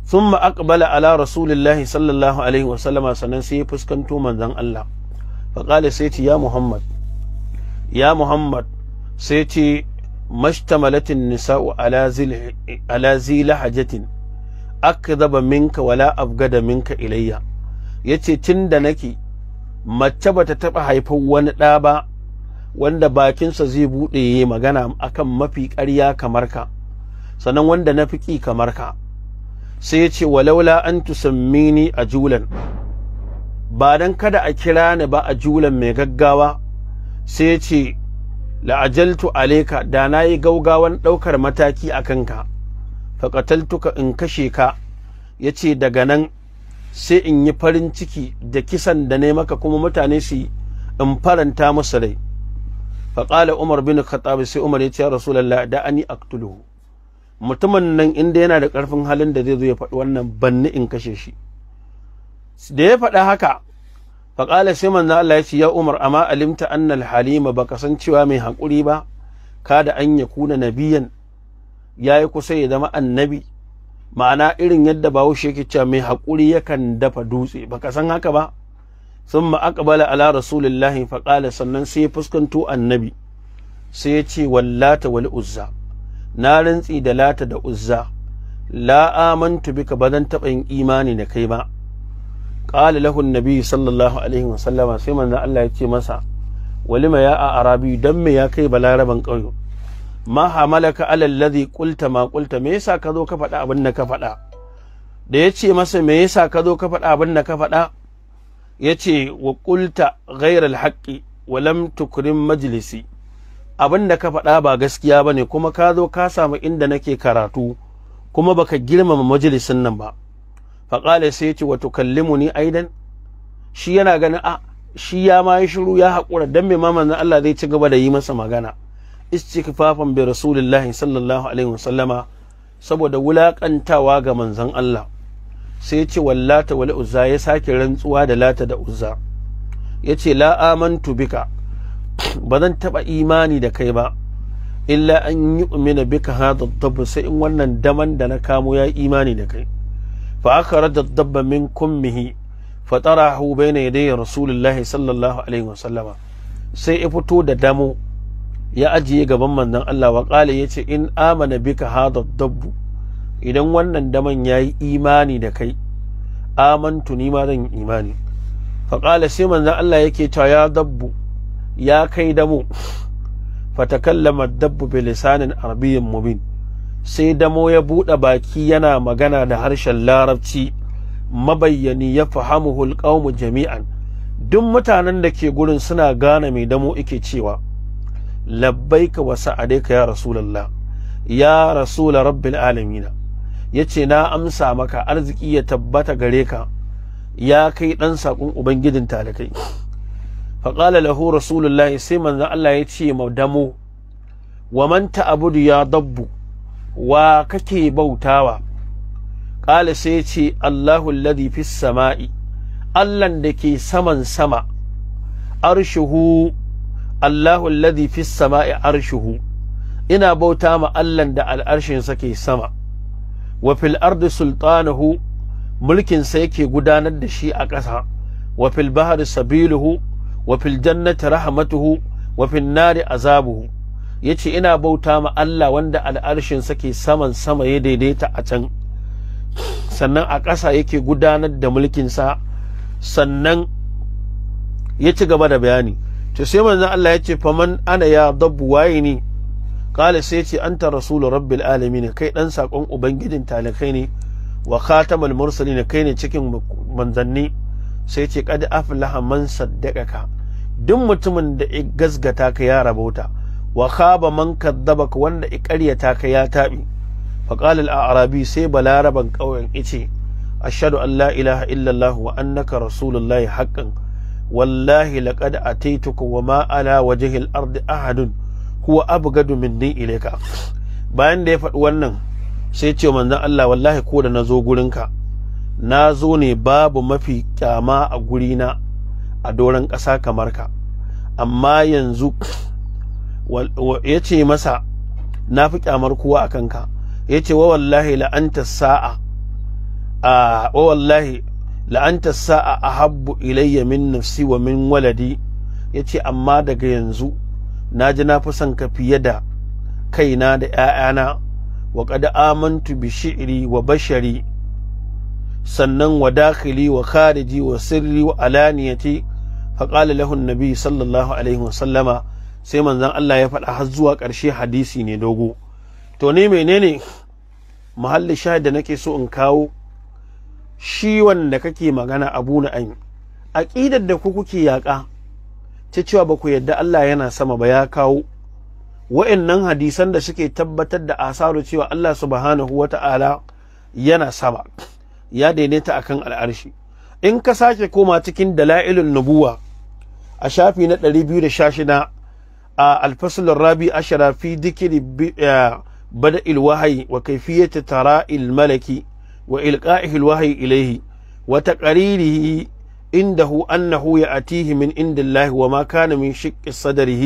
thumma aqbala ala rasulillahi sallallahu alaihi wasallama عليه sai سنن سي allah منزان الله sai سيتي ya muhammad. ya muhammad sai ce mastamalatin nisa'u ala zila hajjatin zaba minka wala abgada minka ilayya yace da nake mace bata taba haifar wani ɗa ba wanda bakinsa zai buɗe yayi magana akan mafi ƙarya kamar ka sannan wanda na fiƙi kamar ka sai yace laula an tusammini a julan ba dan kada a kira ni ba a julan mai gaggawa sai ce la'ajaltu alaika da na yi gaugawan ɗaukar mataki a kanka Fakataltuka in kashe ka ya ce daga nan sai in yi farin ciki da kisan da ne maka kuma mutane su in faranta musu rai faƙala umar bin khattab sai umar ya ce ya rasulallah da ani aktuluhu mutumin nan inda yana da ƙarfin halin da zai zo ya faɗi wannan banni in kashe shi da ya faɗa haka faƙala sai manzo Allah ya ce ya Umar amma alimta annal halima baka san cewa mai haƙuri ba kada an ya kuna nabiyan yayi kusa ya zama annabi ma'ana irin yadda bahaushe yake cewa mai hakuri yakan dafa dutse baka san haka ba thumma aqbala ala rasulillahi faƙala sannan sai ya fuskanto annabi sai ya ce wallata wal uzza na rantsi da lata da uzza la amantu bika ba zan taɓa yin imani da kai ba ƙala lahun annabi sallallahu alaihi wasallama sai manzon Allah ya ce masa walima ya arabi dan me ya kai balaraban ƙauyo ma hamalaka ala alladhi qulta ma qulta me yasa ka zo ka faɗa abin da ka faɗa da ya ce masa me yasa ka zo ka faɗa abin da ka faɗa ya ce wa qulta ghayra haƙƙi, wa tukurin majalisi. abin da ka faɗa ba gaskiya ne kuma ka zo ka samu inda nake karatu kuma baka girmama majalisin nan ba faƙala sai ya ce wato kallimu ni aidan shi yana ganin a ah, shi ya ma yi shiru ya haƙura dan mai ma manzon Allah zai ci gaba da yi masa magana istighfafan bi rasulillahi sallallahu alaihi wasallama saboda wulaƙantawa ga manzon Allah sai ya ce wallata wal uzza ya sake rantsuwa da lata da uzza ya ce la amantu bika ba zan taɓa imani da kai ba illa an yi umina bika hada sai in wannan daman da na kamo ya imani da kai fa akhraj ad-dabba min kummihi fa tarahu bayna yaday rasulullahi sallallahu alaihi wasallama sai ya fito da damo ya ajiye gaban manzon Allah wa qala yace in amana bika hadha ad-dabb idan wannan daman yayi imani da kai amantu ni ma zan imani fa sai manzon Allah yake cewa ya dabbu ya kai damo fatakallama ad-dabb bi lisanin arabiyyin mubin sai damo ya buɗe baki yana magana da harshen larabci mabayyani ya fahamu hulƙaumu jami'an duk mutanen da ke gurin suna gane mai damo ike cewa labbaika a daika ya rasulullah ya rasul rabbil ya ce na amsa maka arziki ya tabbata gare ka ya kai ɗan saƙon ubangijin talakai faƙala فقال allah ya ce ma damo wa man ta abudu ya dabbu. wa kake bautawa ƙala sai ce Allahu alladhi fis sama'i Allahn da ke saman sama arshuhu Allahu alladhi fis sama'i arshuhu ina bauta ma Allahn da al'arshin sa ke sama wa fil ardi sultanahu mulkin sa yake gudanar da shi a ƙasa wa fil bahri sabiluhu wa fil jannati rahmatuhu wa fil nari azabuhu ya ce ina bauta ma Allah wanda al'arshin sake saman sama ya daidaita a can sannan a ƙasa yake gudanar da mulkinsa sannan ya ci gaba da bayani ce sai manzon Allah ya ce faman ana ya dabbu waye ne kala sai ce an anta rasulu rabbil alamin kai ɗan saƙon ubangijin talakai ne wa khatamal ne kai ne cikin manzanni sai ce kad aflaha man ka duk mutumin da ya gasgata ka ya rabauta wa khaba man wanda ikaryata ka ya tabi faqala al-arabi sai balaraban kauyen ice ashhadu an la ilaha illa allah wa annaka rasulullahi haqqan wallahi laqad ataituka wa ma ala wajhi al-ard ahadun huwa abgadu minni ilayka bayan da ya faɗi wannan sai ce manzon Allah wallahi ko da nazo gurin ka nazo ne babu mafi kyama a na a doron ƙasa kamar ka amma yanzu ya ce masa na fi kyamar kowa a kanka ya ce wa wallahi la'anta sa'a a wa habbu ilayya min nafsi wa min waladi ya ce amma daga yanzu na ji na fi son ka fiye da kaina da 'ya'yana wa kada amintu bi shi’iri wa bashari sannan wa dakili wa khariji wa sirri wa alaniyati fa nabi sallallahu alaihi wa sallama sai manzan Allah ya faɗa har zuwa ƙarshe hadisi ne dogo to ni menene muhalli shahid da nake so in kawo shi wanda kake magana abu na an aƙidar da ku kuke yaƙa ta cewa ba ku yadda Allah yana sama ba ya kawo wa'annan hadisan da suke tabbatar da asaru cewa Allah subhanahu wata'ala yana sama ya daidaita akan al'arshi in ka sake koma cikin dalailin nubuwa a shafi na 216 الفصل الرابع عشر في ذكر بدء الوحي وكيفية تراء الملك وإلقائه الوحي إليه وتقريره عنده أنه يأتيه من عند الله وما كان من شق صدره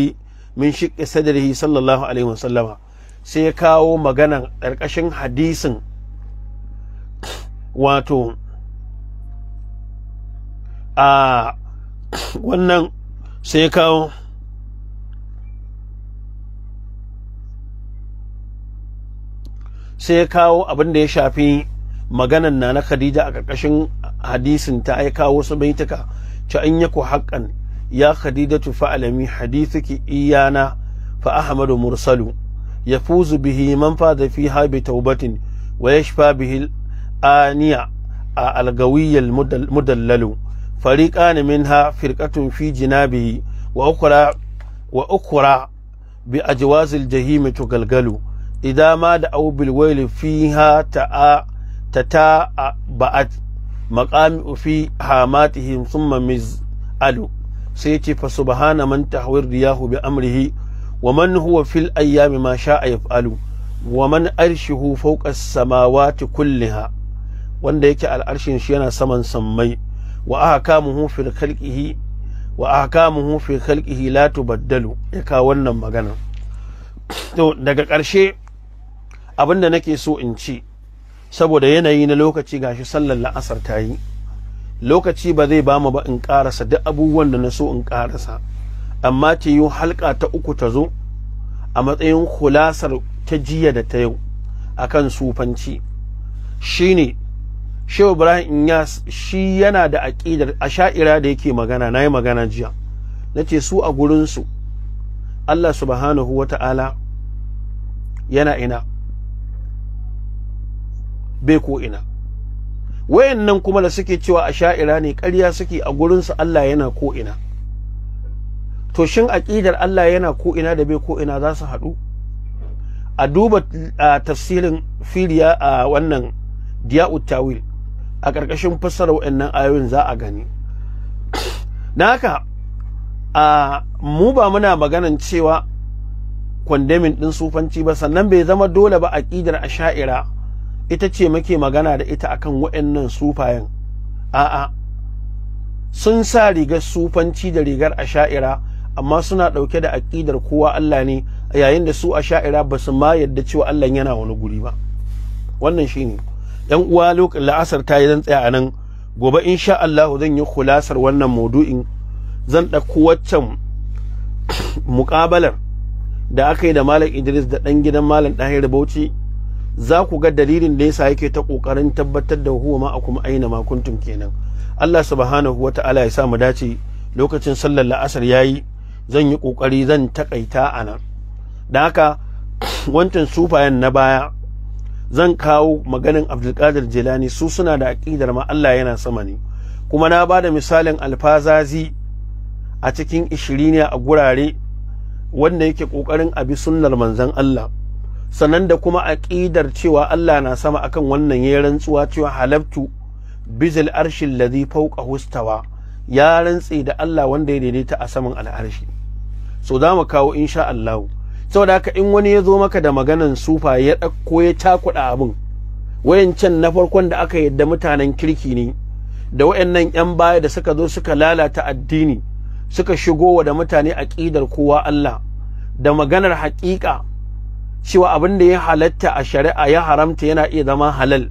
من شق صدره صلى الله عليه وسلم سيكاو مغانا الكشن حديث واتو آه ونن سيكاو sai ya kawo abin da ya shafi maganan na na Khadija a ƙarƙashin hadisin ta ya kawo su baituka ta an yaku haƙan ya Khadijatu fa'alami hadithuki iyana fa Ahmadu mursalu yafuzu bihi man fa fiha bi taubatin wa yashfa bihi aniya a algawiyyal mudallalu fariqan minha firqatun fi jinabihi wa ukra wa ukra bi ajwazil jahimi idan ma da aubil waili fi ha ta ta ba'at maqami fi hamatihim thumma miz'alu sai ce fa subhana man tahwir riyahu bi amrihi wa man huwa fil ayyami ma sha'a yaf'alu wa man arshihu fawqa samawati kulliha wanda yake al'arshin shi yana saman sammai wa ahkamuhu fi khalqihi wa ahkamuhu fi khalqihi la tubaddalu ya ka wannan magana to daga ƙarshe abin da nake so in ce saboda yanayi na lokaci gashi sallar la'asar ta yi lokaci ba zai ba mu ba in karasa duk abubuwan da na so in karasa amma ce yi halka ta uku ta zo a matsayin hulasar ta jiya da ta yau akan sufanci shi shine Shehu Ibrahim Inyas shi yana da aƙidar a sha’ira da yake magana nayi magana jiya nace su a gurin su Allah subhanahu wata'ala yana ina bai ko ina wayannan kuma da suke cewa a sha'ira ne ƙarya suke a gurin su Allah yana ko ina to shin aƙidar Allah yana ko ina da bai ko ina za su haɗu a duba tafsirin filiya a wannan diya'ut tawil a ƙarƙashin fassara wayannan ayoyin za a gani na haka a mu ba muna maganan cewa kwandamin din sufanci ba sannan bai zama dole ba aƙidar a sha'ira ita ce muke magana da ita akan waɗannan sufayen a'a sun sa rigar sufanci da rigar asha'ira amma suna ɗauke da aƙidar kowa Allah ne yayin da su asha'ira ba su ma yadda cewa Allah yana wani guri ba wannan shine yan uwa lokacin la'asar ta yi zan tsaya a nan gobe insha Allah zan yi kulasar wannan maudu'in zan ɗauko waccan muƙabalar da aka yi da malam Idris da ɗan gidan malam Ɗahir Bauchi za ku ga dalilin da yasa yake ta kokarin tabbatar da huwa ma kuma aina ma kuntum kenan Allah subhanahu wata'ala ya sa mu dace lokacin sallar la'asar yayi zan yi kokari zan takaita anan dan haka wancan sufayen na baya zan kawo maganin Abdulkadir Jilani su suna da aqidar ma Allah yana sama ne kuma na bada misalin alfazazi a cikin ne a gurare wanda yake kokarin abi sunnar manzon Allah sanan da kuma aƙidar cewa Allah na sama akan wannan ya rantsuwa cewa halabtu bizil arshin ladhi fawqa hustawa ya rantsi da Allah wanda ya daidaita a saman al'arshi so za mu kawo insha Allah saboda haka in wani ya zo maka da maganan sufa ya dauko ya cakuɗa abin wayancan na farkon da aka yadda mutanen kirki ne da wayannan yan baya da suka zo suka lalata addini suka shigo wa da mutane aƙidar kowa Allah da maganar haƙiƙa cewa abin da ya halatta a shari'a ya haramta yana iya zama halal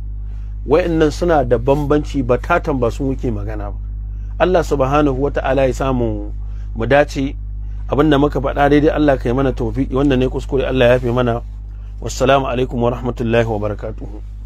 wa'annan suna da bambanci ba ta ba muke magana ba Allah subhanahu wata'ala ya samu mu dace abin da muka faɗa daidai Allah ka yi mana tawfiki wannan ne kuskure Allah ya fi mana wassalamu alaikum wa rahmatullahi wa barakatuhu